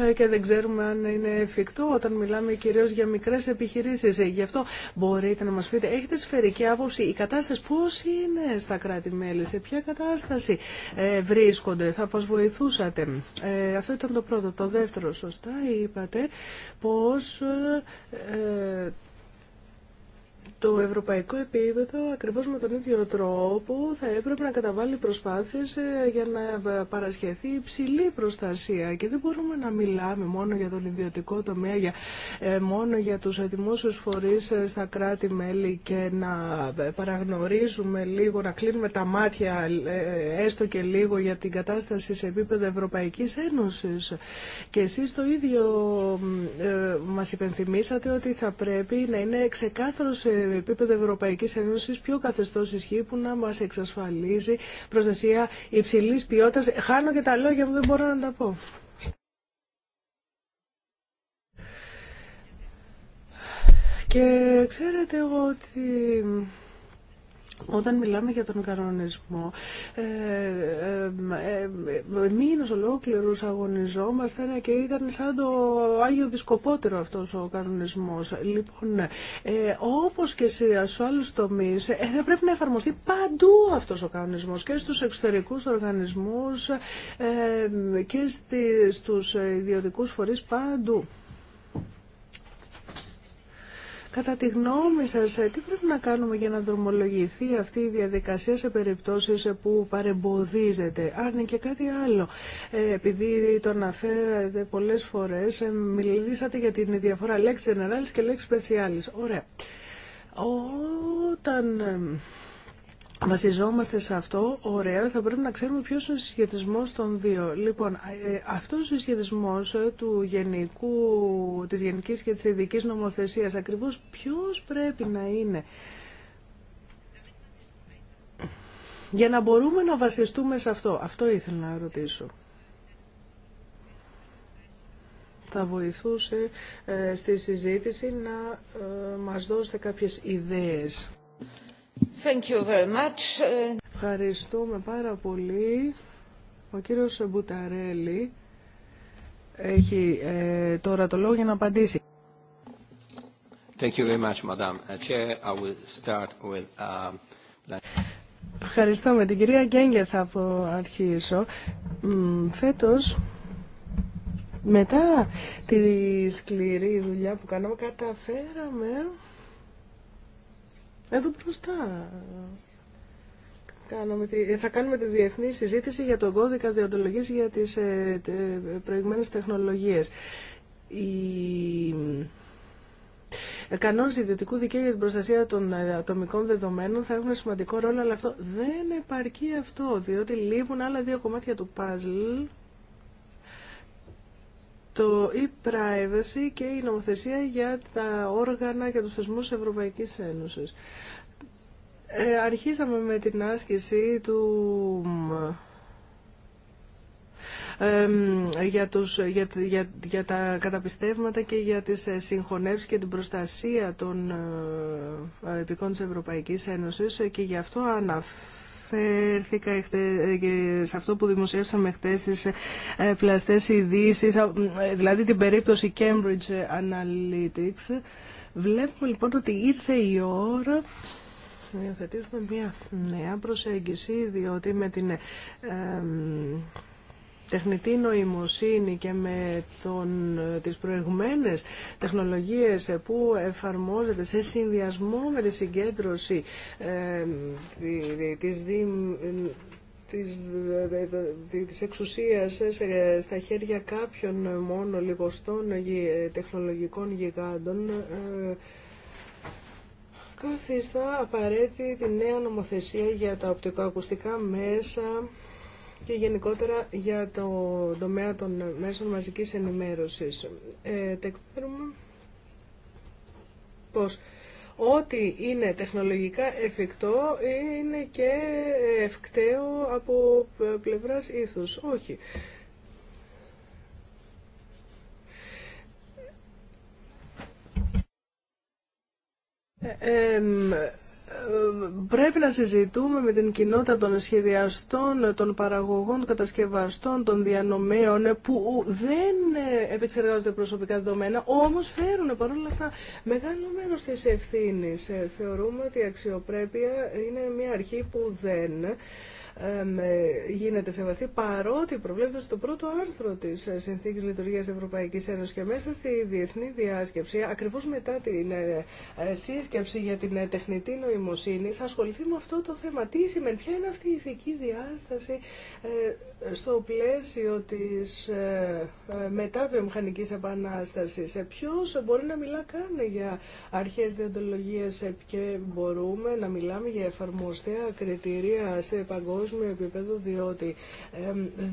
ε, και δεν ξέρουμε αν είναι εφικτό όταν μιλάμε κυρίως για μικρές επιχειρήσεις. Ε, γι' αυτό μπορείτε να μας πείτε, έχετε σφαιρική άποψη, η κατάσταση πώς είναι στα κράτη-μέλη, σε ποια κατάσταση ε, βρίσκονται, θα μας βοηθούσατε. αυτό ήταν το πρώτο. Το δεύτερο, σωστά είπατε, πως το ευρωπαϊκό επίπεδο ακριβώς με τον ίδιο τρόπο θα έπρεπε να καταβάλει προσπάθειες ε, για να παρασχεθεί υψηλή προστασία και δεν μπορούμε να μιλάμε μόνο για τον ιδιωτικό τομέα, για, ε, μόνο για τους δημόσιους φορείς ε, στα κράτη-μέλη και να παραγνωρίζουμε λίγο, να κλείνουμε τα μάτια έστω και λίγο για την κατάσταση σε επίπεδο Ευρωπαϊκής Ένωσης. Και εσείς το ίδιο μας υπενθυμίσατε ότι θα πρέπει να είναι ξεκάθαρος επίπεδο Ευρωπαϊκής Ένωσης ποιο καθεστώς ισχύει που να μας εξασφαλίζει προστασία υψηλής ποιότητας. Χάνω και τα λόγια μου, δεν μπορώ να τα πω. Και ξέρετε ότι όταν μιλάμε για τον κανονισμό, ε, ε, ε, ε μήνες ολόκληρους αγωνιζόμαστε ναι, και ήταν σαν το Άγιο Δισκοπότερο αυτός ο κανονισμός. Λοιπόν, ε, όπως και σε άλλου άλλους τομείς, ε, θα πρέπει να εφαρμοστεί παντού αυτός ο κανονισμός και στους εξωτερικούς οργανισμούς και στου στους ιδιωτικούς φορείς παντού. Κατά τη γνώμη σας, ε, τι πρέπει να κάνουμε για να δρομολογηθεί αυτή η διαδικασία σε περιπτώσεις ε, που παρεμποδίζεται. Αν και κάτι άλλο, ε, επειδή το αναφέρατε πολλές φορές, μιλήσατε για την διαφορά λέξη generalis και λέξη specialis. Ωραία. Όταν Βασιζόμαστε σε αυτό, ωραία, θα πρέπει να ξέρουμε ποιος είναι ο συσχετισμός των δύο. Λοιπόν, ε, αυτός ο συσχετισμός ε, του γενικού, της γενικής και της ειδικής νομοθεσίας, ακριβώς ποιος πρέπει να είναι για να μπορούμε να βασιστούμε σε αυτό. Αυτό ήθελα να ρωτήσω. Θα βοηθούσε ε, στη συζήτηση να μας δώσετε κάποιες ιδέες. Ευχαριστούμε πάρα πολύ. Ο κύριος Μπουταρέλη έχει ε, τώρα το λόγο για να απαντήσει. Thank Ευχαριστώ. Με την κυρία Γκέγγε θα αρχίσω. Φέτος, μετά τη σκληρή δουλειά που κάναμε, καταφέραμε εδώ μπροστά. Κάνουμε τη... Θα κάνουμε τη διεθνή συζήτηση για τον κώδικα διοντολογής για τις ε, τε, προηγμένες τεχνολογίες. Η... Ε, Κανόνε ιδιωτικού δικαίου για την προστασία των ε, ατομικών δεδομένων θα έχουν σημαντικό ρόλο, αλλά αυτό δεν επαρκεί αυτό, διότι λείπουν άλλα δύο κομμάτια του παζλ το e-privacy και η νομοθεσία για τα όργανα και τους θεσμούς Ευρωπαϊκής Ένωσης. Ε, αρχίσαμε με την άσκηση του για, για, τα καταπιστεύματα και για τις ε, συγχωνεύσεις και την προστασία των επικών ε, της Ευρωπαϊκής Ένωσης και γι' αυτό αναφέρω αναφέρθηκα σε αυτό που δημοσίευσαμε χθε στις ε, πλαστέ ειδήσει, ε, δηλαδή την περίπτωση Cambridge Analytics. Βλέπουμε λοιπόν ότι ήρθε η ώρα να υιοθετήσουμε μια νέα προσέγγιση, διότι με την ε, τεχνητή νοημοσύνη και με τον, ε, τις προηγουμένες τεχνολογίες ε, που εφαρμόζεται σε συνδυασμό με τη συγκέντρωση ε, της, της, της εξουσίας στα χέρια κάποιων μόνο λιγοστών τεχνολογικών γιγάντων καθιστά απαραίτητη τη νέα νομοθεσία για τα οπτικοακουστικά μέσα και γενικότερα για το τομέα των μέσων μαζικής ενημέρωσης. Ε, πως ό,τι είναι τεχνολογικά εφικτό είναι και ευκταίο από πλευράς ήθους. Όχι. Ε, πρέπει να συζητούμε με την κοινότητα των σχεδιαστών, των παραγωγών, των κατασκευαστών, των διανομέων που δεν επεξεργάζονται προσωπικά δεδομένα, όμως φέρουν παρόλα αυτά μεγάλο μέρος της ευθύνης. Θεωρούμε ότι η αξιοπρέπεια είναι μια αρχή που δεν γίνεται σεβαστή παρότι προβλέπεται στο πρώτο άρθρο τη Συνθήκη Λειτουργία Ευρωπαϊκή Ένωση και μέσα στη διεθνή διάσκεψη Ακριβώ μετά την ε, ε, σύσκεψη για την ε, τεχνητή νοημοσύνη θα ασχοληθεί με αυτό το θέμα. Τι σημαίνει, ποια είναι αυτή η ηθική διάσταση στο πλαίσιο της μεταβιομηχανικής επανάστασης. Ποιο μπορεί να μιλά καν για αρχές διοντολογίας και μπορούμε να μιλάμε για εφαρμοστέα κριτήρια σε παγκόσμιο παγκόσμιο επίπεδο, διότι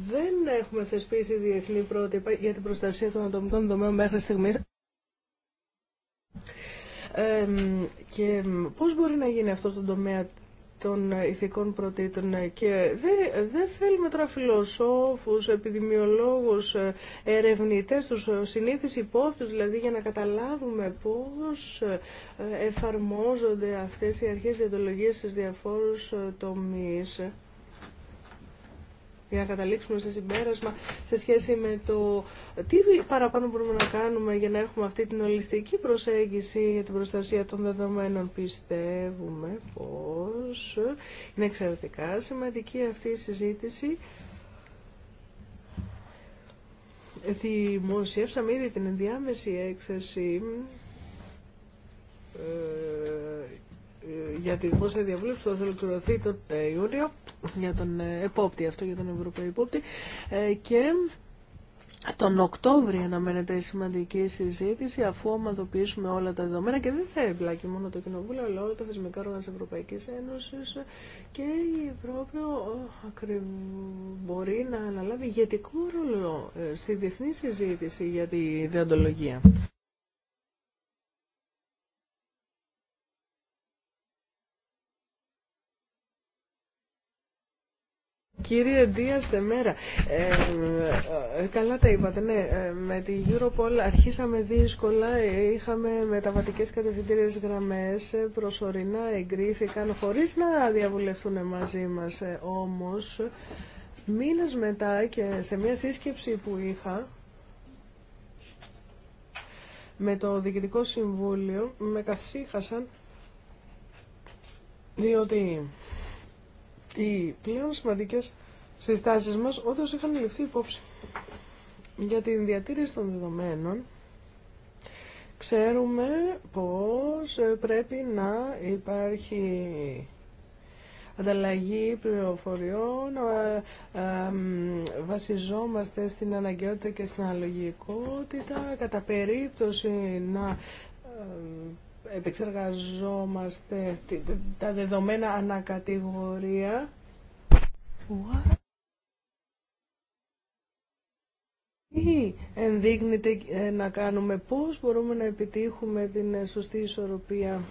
δεν έχουμε θεσπίσει διεθνή πρότυπα για την προστασία των ατομικών δομέων μέχρι στιγμής. και πώς μπορεί να γίνει αυτό στον τομέα των ηθικών πρωτήτων και δεν δε θέλουμε τώρα φιλοσόφους, επιδημιολόγους, ε, ερευνητές, τους συνήθεις υπόπτους, δηλαδή για να καταλάβουμε πώς ε, εφαρμόζονται αυτές οι αρχές διατολογίες στι διαφόρους ε, τομείς για να καταλήξουμε σε συμπέρασμα σε σχέση με το τι παραπάνω μπορούμε να κάνουμε για να έχουμε αυτή την ολιστική προσέγγιση για την προστασία των δεδομένων. Πιστεύουμε πως είναι εξαιρετικά σημαντική αυτή η συζήτηση. Δημοσιεύσαμε ήδη την ενδιάμεση έκθεση ε, για τη δημόσια διαβούλευση που θα ολοκληρωθεί τον ε, Ιούνιο για τον ε, επόπτη αυτό, για τον Ευρωπαϊκό επόπτη ε, και τον Οκτώβριο αναμένεται η σημαντική συζήτηση αφού ομαδοποιήσουμε όλα τα δεδομένα και δεν θα εμπλάκει μόνο το Κοινοβούλιο αλλά όλα τα θεσμικά όργανα της Ευρωπαϊκής Ένωσης και η Ευρώπη μπορεί να αναλάβει ηγετικό ρόλο στη διεθνή συζήτηση για τη διοντολογία. Κύριε Δίας μέρα ε, ε, καλά τα είπατε, ναι, ε, με τη Europol αρχίσαμε δύσκολα, ε, είχαμε μεταβατικές κατευθυντήριες γραμμές, προσωρινά εγκρίθηκαν χωρίς να διαβουλευτούν μαζί μας όμως. Μήνες μετά και σε μια σύσκεψη που είχα, με το Διοικητικό Συμβούλιο με καθίχασαν διότι οι πλέον σημαντικέ συστάσει μας όντω είχαν ληφθεί υπόψη. Για την διατήρηση των δεδομένων ξέρουμε πως πρέπει να υπάρχει ανταλλαγή πληροφοριών, βασιζόμαστε στην αναγκαιότητα και στην αλογικότητα, κατά περίπτωση να επεξεργαζόμαστε τα δεδομένα ανακατηγορία. What? Τι ε, να κάνουμε, πώς μπορούμε να επιτύχουμε την ε, σωστή ισορροπία.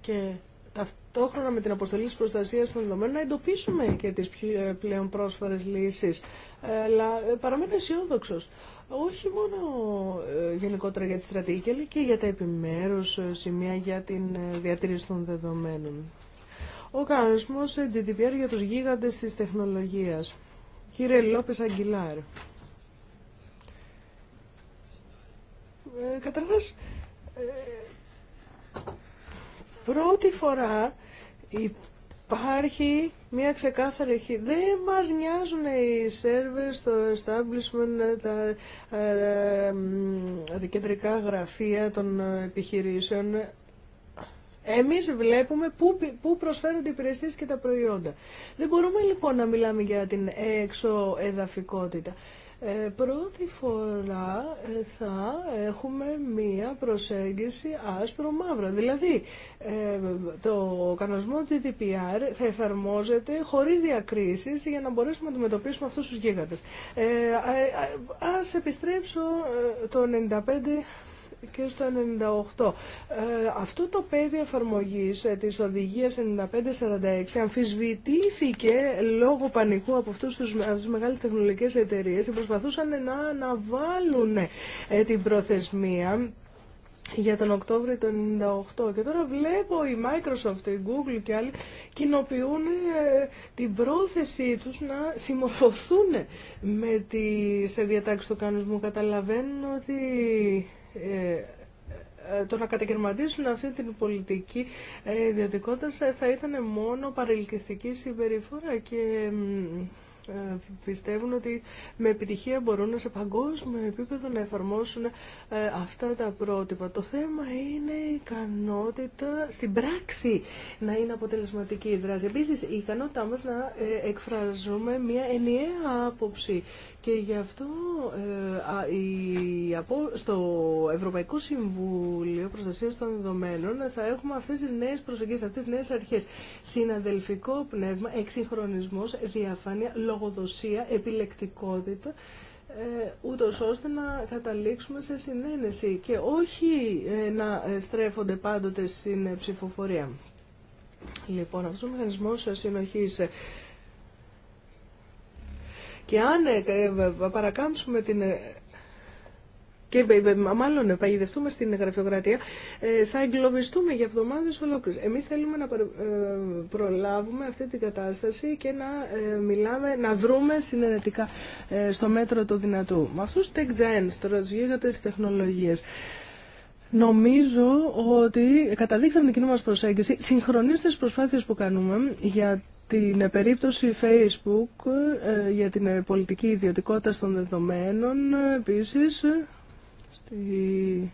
Και ταυτόχρονα με την αποστολή της προστασίας των δεδομένων να εντοπίσουμε και τις ε, πλέον πρόσφαρες λύσεις. Αλλά παραμένω αισιόδοξο όχι μόνο ε, γενικότερα για τη στρατηγική, αλλά και για τα επιμέρους ε, σημεία για την ε, διατήρηση των δεδομένων. Ο κανονισμός GDPR για τους γίγαντες της τεχνολογίας. Κύριε Λόπες Αγγιλάρ. Ε, πρώτη φορά υπάρχει μια ξεκάθαρη Δεν μας νοιάζουν οι σερβες, το establishment, τα ε, ε κεντρικά γραφεία των επιχειρήσεων. Εμείς βλέπουμε πού, πού προσφέρονται οι υπηρεσίες και τα προϊόντα. Δεν μπορούμε λοιπόν να μιλάμε για την εδαφικότητα. Ε, πρώτη φορά ε, θα έχουμε μία προσέγγιση άσπρο-μαύρο. Δηλαδή, ε, το κανονισμό GDPR θα εφαρμόζεται χωρίς διακρίσεις για να μπορέσουμε να αντιμετωπίσουμε αυτούς τους γίγαντες. ας επιστρέψω το 95 και στο 98. Ε, αυτό το πεδίο εφαρμογής ε, της οδηγίας 9546 αμφισβητήθηκε λόγω πανικού από αυτούς τους, μεγάλε μεγάλες τεχνολογικές εταιρείες που προσπαθούσαν να αναβάλουν ε, την προθεσμία για τον Οκτώβριο του 1998 και τώρα βλέπω η Microsoft, η Google και άλλοι κοινοποιούν την πρόθεσή τους να συμμορφωθούν με τις διατάξεις του κανονισμού. Καταλαβαίνουν ότι ε, ε, το να κατακαιρματίσουν αυτή την πολιτική ε, ιδιωτικότητα θα ήταν μόνο παρελκυστική συμπεριφορά και πιστεύουν ότι με επιτυχία μπορούν σε παγκόσμιο επίπεδο να εφαρμόσουν αυτά τα πρότυπα. Το θέμα είναι η ικανότητα στην πράξη να είναι αποτελεσματική η δράση. Επίσης, η ικανότητά μας να εκφραζούμε μια ενιαία άποψη και γι' αυτό ε, στο Ευρωπαϊκό Συμβούλιο Προστασίας των Δεδομένων θα έχουμε αυτές τις νέες προσεγγίσεις, αυτές τις νέες αρχές. Συναδελφικό πνεύμα, εξυγχρονισμός, διαφάνεια, λογοδοσία, επιλεκτικότητα ε, ούτω ώστε να καταλήξουμε σε συνένεση και όχι ε, να στρέφονται πάντοτε στην ψηφοφορία. Λοιπόν, αυτός ο μηχανισμός συνοχής και αν ε, ε, παρακάμψουμε την ε, και μάλλον παγιδευτούμε στην γραφειοκρατία, θα εγκλωβιστούμε για εβδομάδες ολόκληρε. Εμείς θέλουμε να προλάβουμε αυτή την κατάσταση και να μιλάμε, να δρούμε συνενετικά στο μέτρο του δυνατού. Με του tech giants, τώρα τους τεχνολογίες, Νομίζω ότι καταδείξαμε την κοινή μα προσέγγιση. Συγχρονίστε τι προσπάθειε που κάνουμε για την περίπτωση Facebook ε, για την ε, πολιτική ιδιωτικότητα των δεδομένων ε, επίσης στη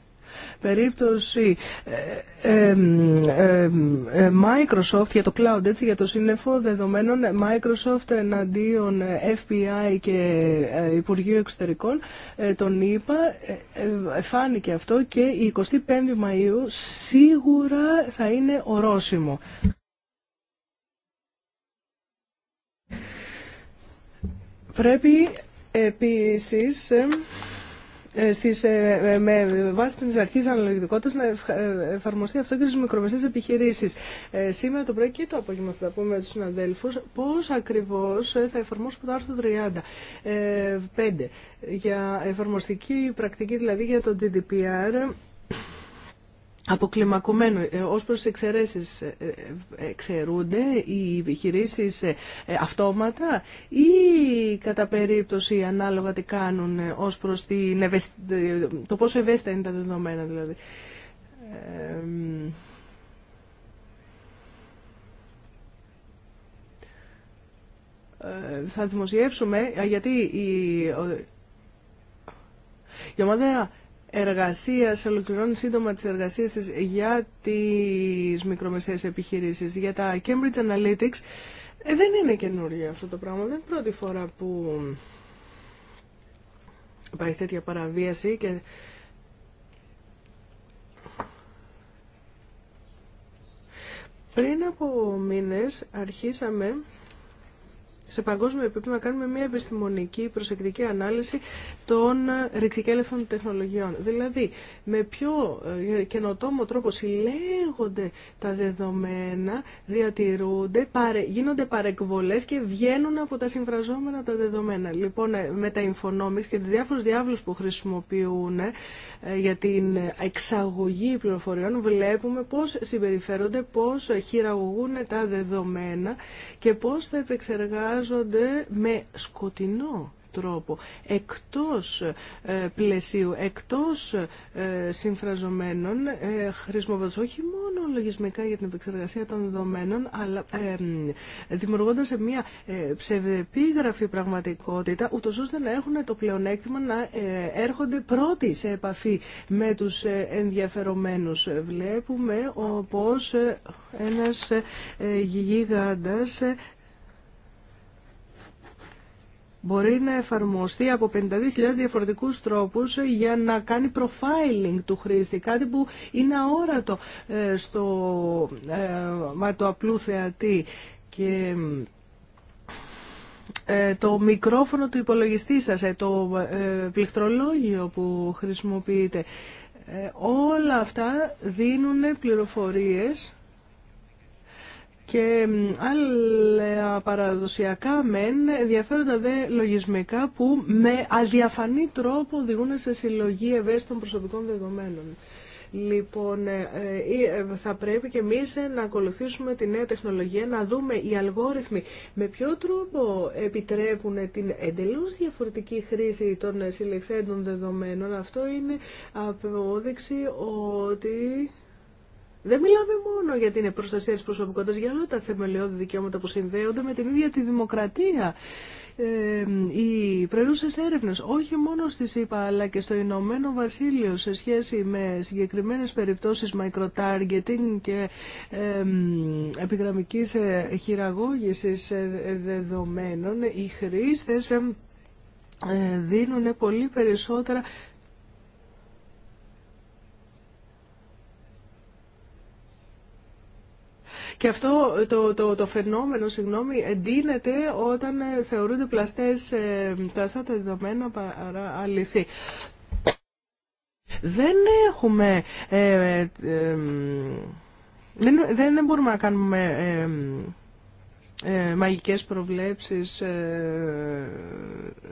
περίπτωση Microsoft για το cloud, έτσι, για το σύννεφο δεδομένων Microsoft εναντίον FBI και Υπουργείου Εξωτερικών, τον είπα, φάνηκε αυτό και η 25η Μαΐου σίγουρα θα είναι ορόσημο. Πρέπει επίσης ε, ε, στις, ε, με βάση τη αρχή αναλογικότητα να εφαρμοστεί αυτό και μικρομεσαίες επιχειρήσεις επιχειρήσει. σήμερα το πρωί και το απόγευμα θα τα πούμε με του συναδέλφου πώ ακριβώ θα εφαρμόσουμε το άρθρο 30. 5. Για εφαρμοστική πρακτική, δηλαδή για το GDPR, αποκλιμακωμένο. Ε, ως προς εξαιρέσεις ε, ε, εξαιρούνται οι επιχειρήσει αυτόματα ή κατά περίπτωση ανάλογα τι κάνουν ως προς την το πόσο ευαίσθητα είναι τα δεδομένα δηλαδή. θα δημοσιεύσουμε γιατί η, η σε ολοκληρώνει σύντομα τις εργασίες της για τις μικρομεσαίες επιχειρήσεις, για τα Cambridge Analytics. Ε, δεν είναι καινούργια αυτό το πράγμα, δεν είναι πρώτη φορά που υπάρχει τέτοια παραβίαση και πριν από μήνες αρχίσαμε σε παγκόσμιο επίπεδο να κάνουμε μια επιστημονική προσεκτική ανάλυση των ε, ρηξικέλευθων τεχνολογιών. Δηλαδή, με ποιο ε, καινοτόμο τρόπο συλλέγονται τα δεδομένα, διατηρούνται, γίνονται παρεκβολές και βγαίνουν από τα συμφραζόμενα τα δεδομένα. Λοιπόν, ε, με τα infonomics και τις διάφορους διάβλους που χρησιμοποιούν για την εξαγωγή πληροφοριών, βλέπουμε πώς συμπεριφέρονται, πώς χειραγωγούν τα δεδομένα και πώς θα επεξεργάζονται με σκοτεινό τρόπο, εκτός ε, πλαισίου, εκτός ε, συμφραζομένων, ε, χρησιμοποιώντας όχι μόνο λογισμικά για την επεξεργασία των δεδομένων, αλλά δημιουργώντας σε μια ψευδεπίγραφη πραγματικότητα, ούτω ώστε να έχουν το πλεονέκτημα να έρχονται πρώτοι σε επαφή με τους ενδιαφερομένους. Βλέπουμε όπως ένας γιγάντας μπορεί να εφαρμοστεί από 52.000 διαφορετικούς τρόπους για να κάνει profiling του χρήστη, κάτι που είναι αόρατο ε, στο ε, μα το απλού θεατή. Και ε, το μικρόφωνο του υπολογιστή σας, το πληκτρολόγιο που χρησιμοποιείτε, όλα αυτά δίνουν πληροφορίες και άλλα παραδοσιακά μεν ενδιαφέροντα δε λογισμικά που με αδιαφανή τρόπο οδηγούν σε συλλογή ευαίσθητων προσωπικών δεδομένων. Λοιπόν, ε, ε, ε, θα πρέπει και εμείς να ακολουθήσουμε τη νέα τεχνολογία, να δούμε οι αλγόριθμοι με ποιο τρόπο επιτρέπουν την εντελώς διαφορετική χρήση των συλλεχθέντων δεδομένων. Αυτό είναι απόδειξη ότι δεν μιλάμε μόνο για την προστασία της προσωπικότητας, για όλα τα θεμελιώδη δικαιώματα που συνδέονται με την ίδια τη δημοκρατία. Ε, οι προηγούσες έρευνε, όχι μόνο στη ΣΥΠΑ αλλά και στο Ηνωμένο Βασίλειο σε σχέση με συγκεκριμένες περιπτώσεις micro-targeting και ε, επιγραμμικής χειραγώγησης ε, δεδομένων, οι χρήστες ε, δίνουν πολύ περισσότερα Και αυτό το, το, το φαινόμενο, συγγνώμη, εντείνεται όταν ε, θεωρούνται πλαστές, ε, πλαστά τα δεδομένα παρά αληθή. Δεν έχουμε... Ε, ε δεν, δεν μπορούμε να κάνουμε ε, μαγικές προβλέψεις ε,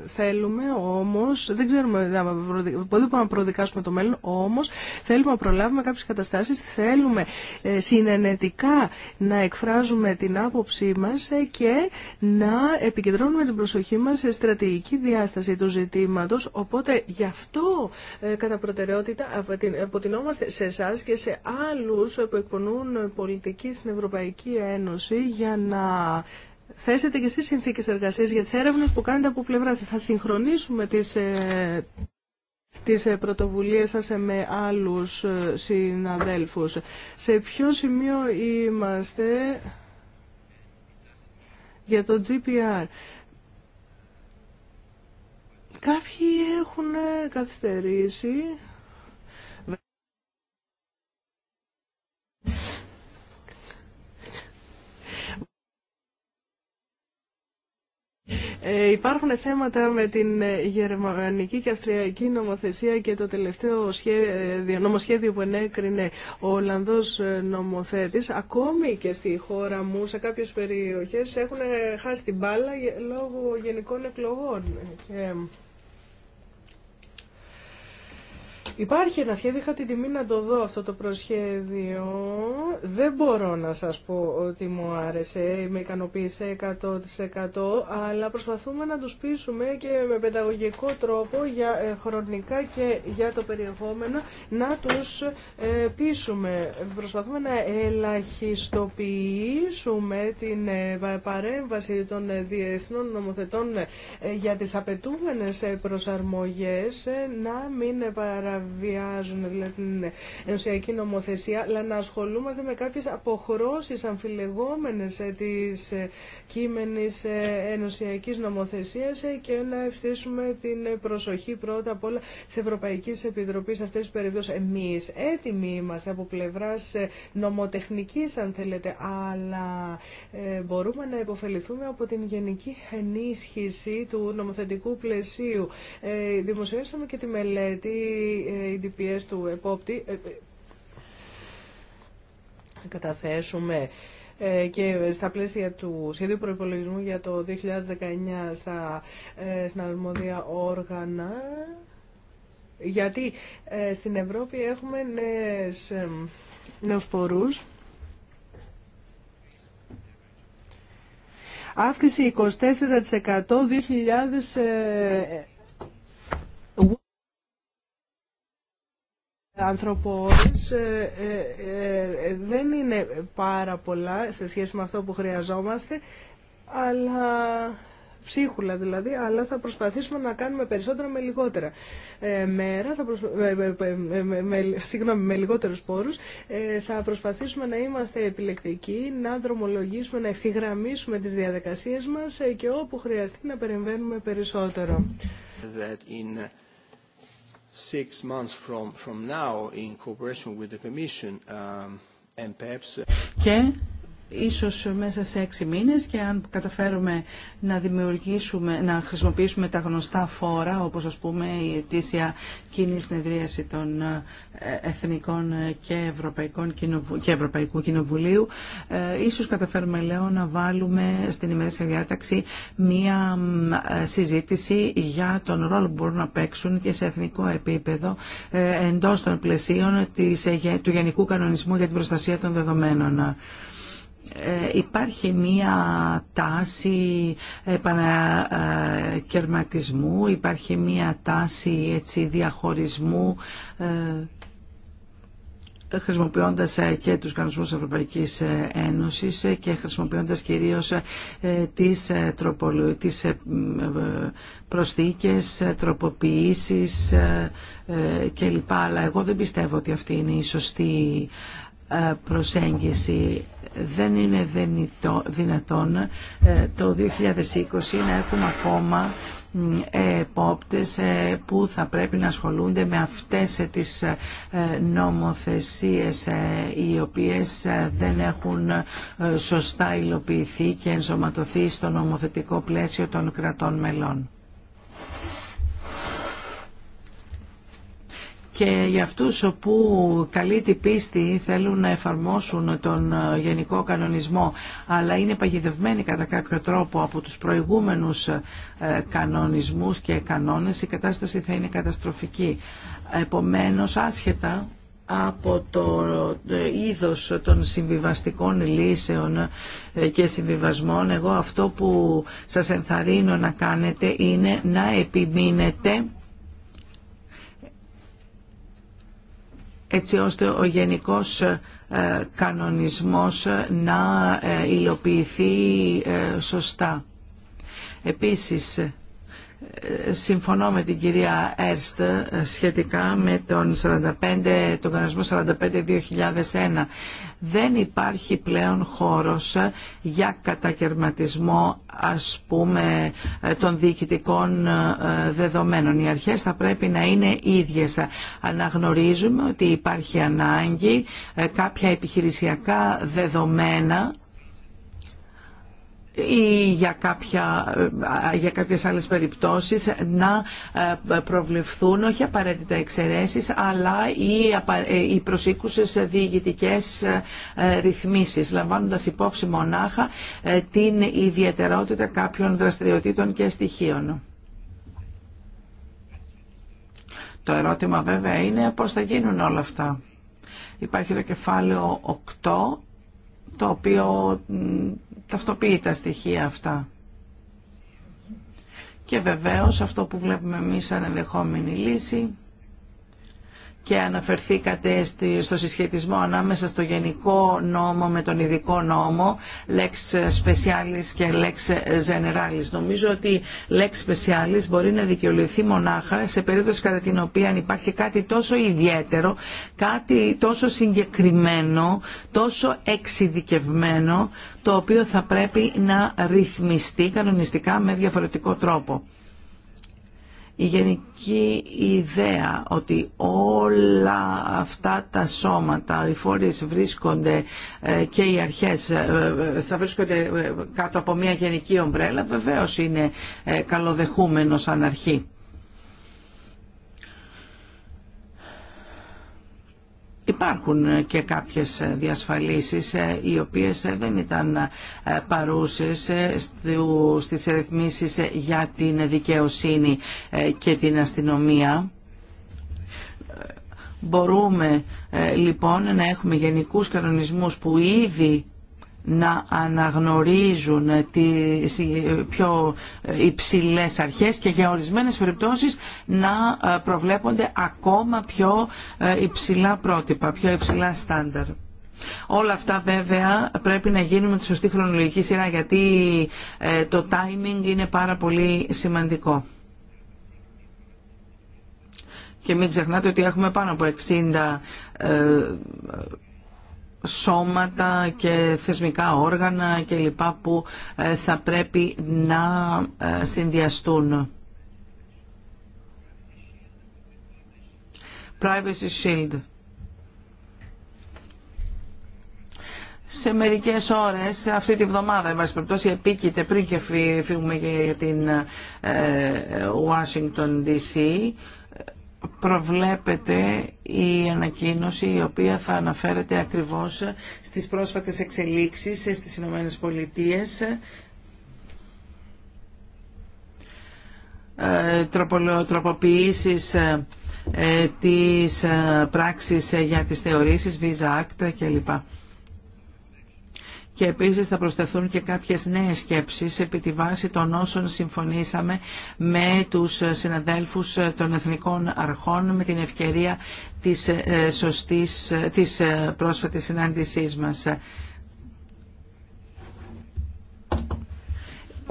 θέλουμε, όμως δεν ξέρουμε, δεν μπορούμε να προδικάσουμε το μέλλον, όμως θέλουμε να προλάβουμε κάποιες καταστάσεις, θέλουμε ε, συνενετικά να εκφράζουμε την άποψή μας ε, και να επικεντρώνουμε την προσοχή μας σε στρατηγική διάσταση του ζητήματος, οπότε γι' αυτό κατά προτεραιότητα αποτινόμαστε σε εσά και σε άλλους που εκπονούν πολιτική στην Ευρωπαϊκή Ένωση για να θέσετε και στις συνθήκες εργασίας για τις έρευνες που κάνετε από πλευρά Θα συγχρονίσουμε τις, ε, τις ε, πρωτοβουλίες σας με άλλους ε, συναδέλφους. Σε ποιο σημείο είμαστε για το GPR. Κάποιοι έχουν καθυστερήσει Ε, υπάρχουν θέματα με την ε, γερμανική και αυστριακή νομοθεσία και το τελευταίο σχέδιο, νομοσχέδιο που ενέκρινε ο Ολλανδός ε, νομοθέτης. Ακόμη και στη χώρα μου, σε κάποιες περιοχές, έχουν χάσει την μπάλα λόγω γενικών εκλογών. Και... Υπάρχει ένα σχέδιο, είχα την τιμή να το δω αυτό το προσχέδιο. Δεν μπορώ να σας πω ότι μου άρεσε, με ικανοποίησε 100% αλλά προσπαθούμε να τους πείσουμε και με παιδαγωγικό τρόπο για ε, χρονικά και για το περιεχόμενο να τους ε, πείσουμε. Προσπαθούμε να ελαχιστοποιήσουμε την ε, παρέμβαση των διεθνών νομοθετών για τις απαιτούμενες προσαρμογές να μην παραβιάζουν δηλαδή την ναι, ενωσιακή νομοθεσία, αλλά να ασχολούμαστε με κάποιε αποχρώσεις αμφιλεγόμενε ε, τη ε, κείμενη ε, ενωσιακή νομοθεσία και να ευθύσουμε την προσοχή πρώτα απ' όλα τη ευρωπαϊκή Επιτροπή σε αυτές τις περιπτώσει. Εμείς έτοιμοι είμαστε από πλευρά νομοτεχνική, αν θέλετε, αλλά μπορούμε να υποφεληθούμε από την γενική ενίσχυση του νομοθετικού πλαισίου. δημοσιεύσαμε και τη μελέτη οι ε, DPS του επόπτη ε, ε, καταθέσουμε και στα πλαίσια του σχεδίου προπολογισμού για το 2019 στα συναρμόδια όργανα γιατί στην Ευρώπη έχουμε νέες, νέους πορούς αύξηση 24% 2000 Ε, ε, ε, ε, δεν είναι πάρα πολλά σε σχέση με αυτό που χρειαζόμαστε, αλλά ψίχουλα δηλαδή, αλλά θα προσπαθήσουμε να κάνουμε περισσότερα με λιγότερα ε, μέρα, θα με, λιγότερους πόρους. θα προσπαθήσουμε να είμαστε επιλεκτικοί, να δρομολογήσουμε, να ευθυγραμμίσουμε τις διαδικασίες μας και όπου χρειαστεί να περιμένουμε περισσότερο six months from, from now in cooperation with the Commission and perhaps... Και ίσως μέσα σε έξι μήνες και αν καταφέρουμε να δημιουργήσουμε, να χρησιμοποιήσουμε τα γνωστά φόρα, όπως ας πούμε η ετήσια κοινή συνεδρίαση των ε, Εθνικών και, Ευρωπαϊκών και Ευρωπαϊκού Κοινοβουλίου, ε, ίσως καταφέρουμε, λέω, να βάλουμε στην ημερήσια διάταξη μία ε, συζήτηση για τον ρόλο που μπορούν να παίξουν και σε εθνικό επίπεδο εντός των πλαισίων του Γενικού Κανονισμού για την Προστασία των Δεδομένων. Ε, υπάρχει μία τάση επανακερματισμού, υπάρχει μία τάση έτσι, διαχωρισμού ε, χρησιμοποιώντας ε, και τους κανονισμούς της Ευρωπαϊκής Ένωσης και χρησιμοποιώντας κυρίως τις, τροπολου... τις προσθήκες, τροποποιήσεις κλπ. Αλλά εγώ δεν πιστεύω ότι αυτή είναι η σωστή ε, προσέγγιση δεν είναι δυνατόν ε, το 2020 να έχουμε ακόμα επόπτες ε, που θα πρέπει να ασχολούνται με αυτές τις νομοθεσίες οι οποίες δεν έχουν σωστά υλοποιηθεί και ενσωματωθεί στο νομοθετικό πλαίσιο των κρατών μελών. και για αυτούς που καλή την πίστη θέλουν να εφαρμόσουν τον ε, γενικό κανονισμό αλλά είναι παγιδευμένοι κατά κάποιο τρόπο από τους προηγούμενους ε, κανονισμούς και κανόνες η κατάσταση θα είναι καταστροφική. Επομένως άσχετα από το ε, είδος των συμβιβαστικών λύσεων και συμβιβασμών εγώ αυτό που σας ενθαρρύνω να κάνετε είναι να επιμείνετε έτσι ώστε ο γενικός ε, κανονισμός να ε, υλοποιηθεί ε, σωστά. Επίσης, συμφωνώ με την κυρία Έρστ σχετικά με τον, 45, τον κανονισμό 45-2001 δεν υπάρχει πλέον χώρος για κατακαιρματισμό ας πούμε των διοικητικών ε, δεδομένων. Οι αρχές θα πρέπει να είναι ίδιες. Αναγνωρίζουμε ότι υπάρχει ανάγκη ε, κάποια επιχειρησιακά δεδομένα ή για, κάποια, ε, για κάποιες άλλες περιπτώσεις να ε, προβλεφθούν όχι απαραίτητα εξαιρέσεις αλλά οι, ε, προσήκουσες διηγητικές ρυθμίσεις λαμβάνοντας υπόψη μονάχα την ιδιαιτερότητα κάποιων δραστηριοτήτων και στοιχείων. Το ερώτημα βέβαια είναι πώς θα γίνουν όλα αυτά. Υπάρχει το κεφάλαιο 8 το οποίο ταυτοποιεί τα στοιχεία αυτά. Και βεβαίως αυτό που βλέπουμε εμείς σαν ενδεχόμενη λύση και αναφερθήκατε στο συσχετισμό ανάμεσα στο γενικό νόμο με τον ειδικό νόμο, lex specialis και lex generalis. Νομίζω ότι lex specialis μπορεί να δικαιολογηθεί μονάχα σε περίπτωση κατά την οποία υπάρχει κάτι τόσο ιδιαίτερο, κάτι τόσο συγκεκριμένο, τόσο εξειδικευμένο, το οποίο θα πρέπει να ρυθμιστεί κανονιστικά με διαφορετικό τρόπο η γενική ιδέα ότι όλα αυτά τα σώματα, οι βρίσκονται ε, και οι αρχές ε, ε, θα βρίσκονται κάτω από μια γενική ομπρέλα βεβαίως είναι καλοδεχούμενο σαν αρχή. Υπάρχουν ε, και κάποιες ε, διασφαλίσεις ε, οι οποίες δεν ήταν παρούσες στις ρυθμίσεις για την δικαιοσύνη και την αστυνομία. Μπορούμε λοιπόν να έχουμε γενικούς κανονισμούς που ήδη να αναγνωρίζουν τις πιο υψηλές αρχές και για ορισμένες περιπτώσεις να προβλέπονται ακόμα πιο υψηλά πρότυπα, πιο υψηλά στάνταρ. Όλα αυτά βέβαια πρέπει να γίνουν με τη σωστή χρονολογική σειρά γιατί ε, το timing είναι πάρα πολύ σημαντικό. Και μην ξεχνάτε ότι έχουμε πάνω από 60 σώματα και θεσμικά όργανα και λοιπά που ε, θα πρέπει να ε, συνδυαστούν. Privacy Shield. σε μερικές ώρες, αυτή τη βδομάδα, εν πάση περιπτώσει, επίκειται πριν και φύγουμε για την ε, Washington DC, προβλέπεται η ανακοίνωση η οποία θα αναφέρεται ακριβώς στις πρόσφατες εξελίξεις στις Ηνωμένε Πολιτείες ε, τροποποιήσεις ε, ε, της πράξης για τις θεωρήσεις, Visa Act κλπ και επίσης θα προσθεθούν και κάποιες νέες σκέψεις επί τη βάση των όσων συμφωνήσαμε με τους συναδέλφους των Εθνικών Αρχών με την ευκαιρία της, ε, σωστής, ε, της ε, πρόσφατης συνάντησής μας.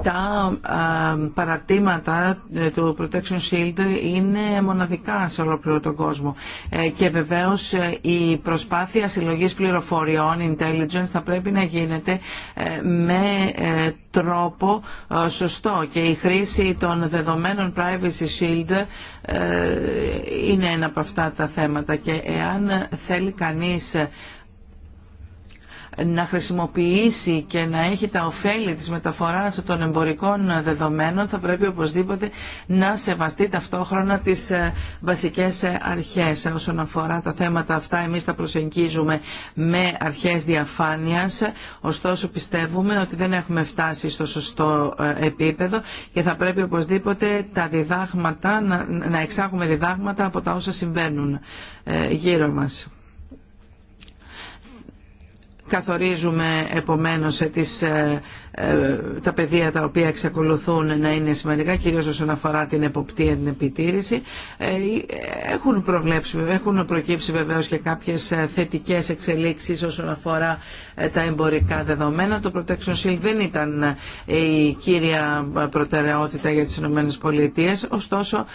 τα παρατήματα ε, του Protection Shield είναι μοναδικά σε ολόκληρο τον κόσμο ε, και βεβαίως ε, η προσπάθεια συλλογής πληροφοριών intelligence θα πρέπει να γίνεται με τρόπο σωστό και η χρήση των δεδομένων Privacy Shield είναι ένα από αυτά τα θέματα και εάν θέλει κανείς να χρησιμοποιήσει και να έχει τα ωφέλη της μεταφοράς των εμπορικών δεδομένων θα πρέπει οπωσδήποτε να σεβαστεί ταυτόχρονα τις ε, βασικές ε, αρχές. Όσον αφορά τα θέματα αυτά εμείς τα προσεγγίζουμε με αρχές διαφάνειας, ωστόσο πιστεύουμε ότι δεν έχουμε φτάσει στο σωστό ε, επίπεδο και θα πρέπει οπωσδήποτε τα διδάγματα, να εξάγουμε διδάγματα από τα όσα συμβαίνουν γύρω μας. Καθορίζουμε επομένως ε, τις, ε, ε, τα πεδία τα οποία εξακολουθούν να είναι σημαντικά, κυρίως όσον αφορά την εποπτεία, την επιτήρηση. Έχουν, προβλέψει, έχουν προκύψει βεβαίως και κάποιες θετικές εξελίξεις όσον αφορά τα εμπορικά δεδομένα. Το Protection Shield δεν ήταν η κύρια προτεραιότητα για τις ΗΠΑ, ωστόσο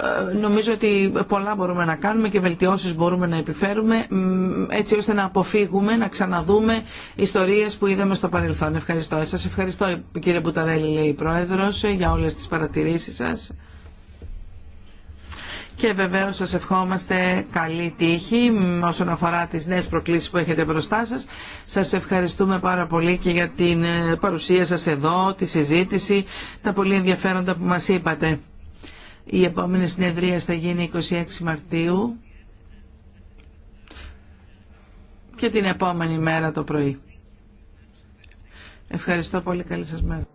ε, νομίζω ότι πολλά μπορούμε να κάνουμε και βελτιώσεις μπορούμε να επιφέρουμε έτσι ώστε να αποφύγουμε, να ξαναδούμε ιστορίες που είδαμε στο παρελθόν. Ευχαριστώ. Σας ευχαριστώ κύριε Μπουταρέλη, λέει η Πρόεδρος, για όλες τις παρατηρήσεις σας. Και βεβαίω σα ευχόμαστε καλή τύχη όσον αφορά τι νέε προκλήσει που έχετε μπροστά σα. Σα ευχαριστούμε πάρα πολύ και για την παρουσία σα εδώ, τη συζήτηση, τα πολύ ενδιαφέροντα που μα είπατε. Η επόμενη συνεδρία θα γίνει 26 Μαρτίου και την επόμενη μέρα το πρωί. Ευχαριστώ πολύ. Καλή σας μέρα.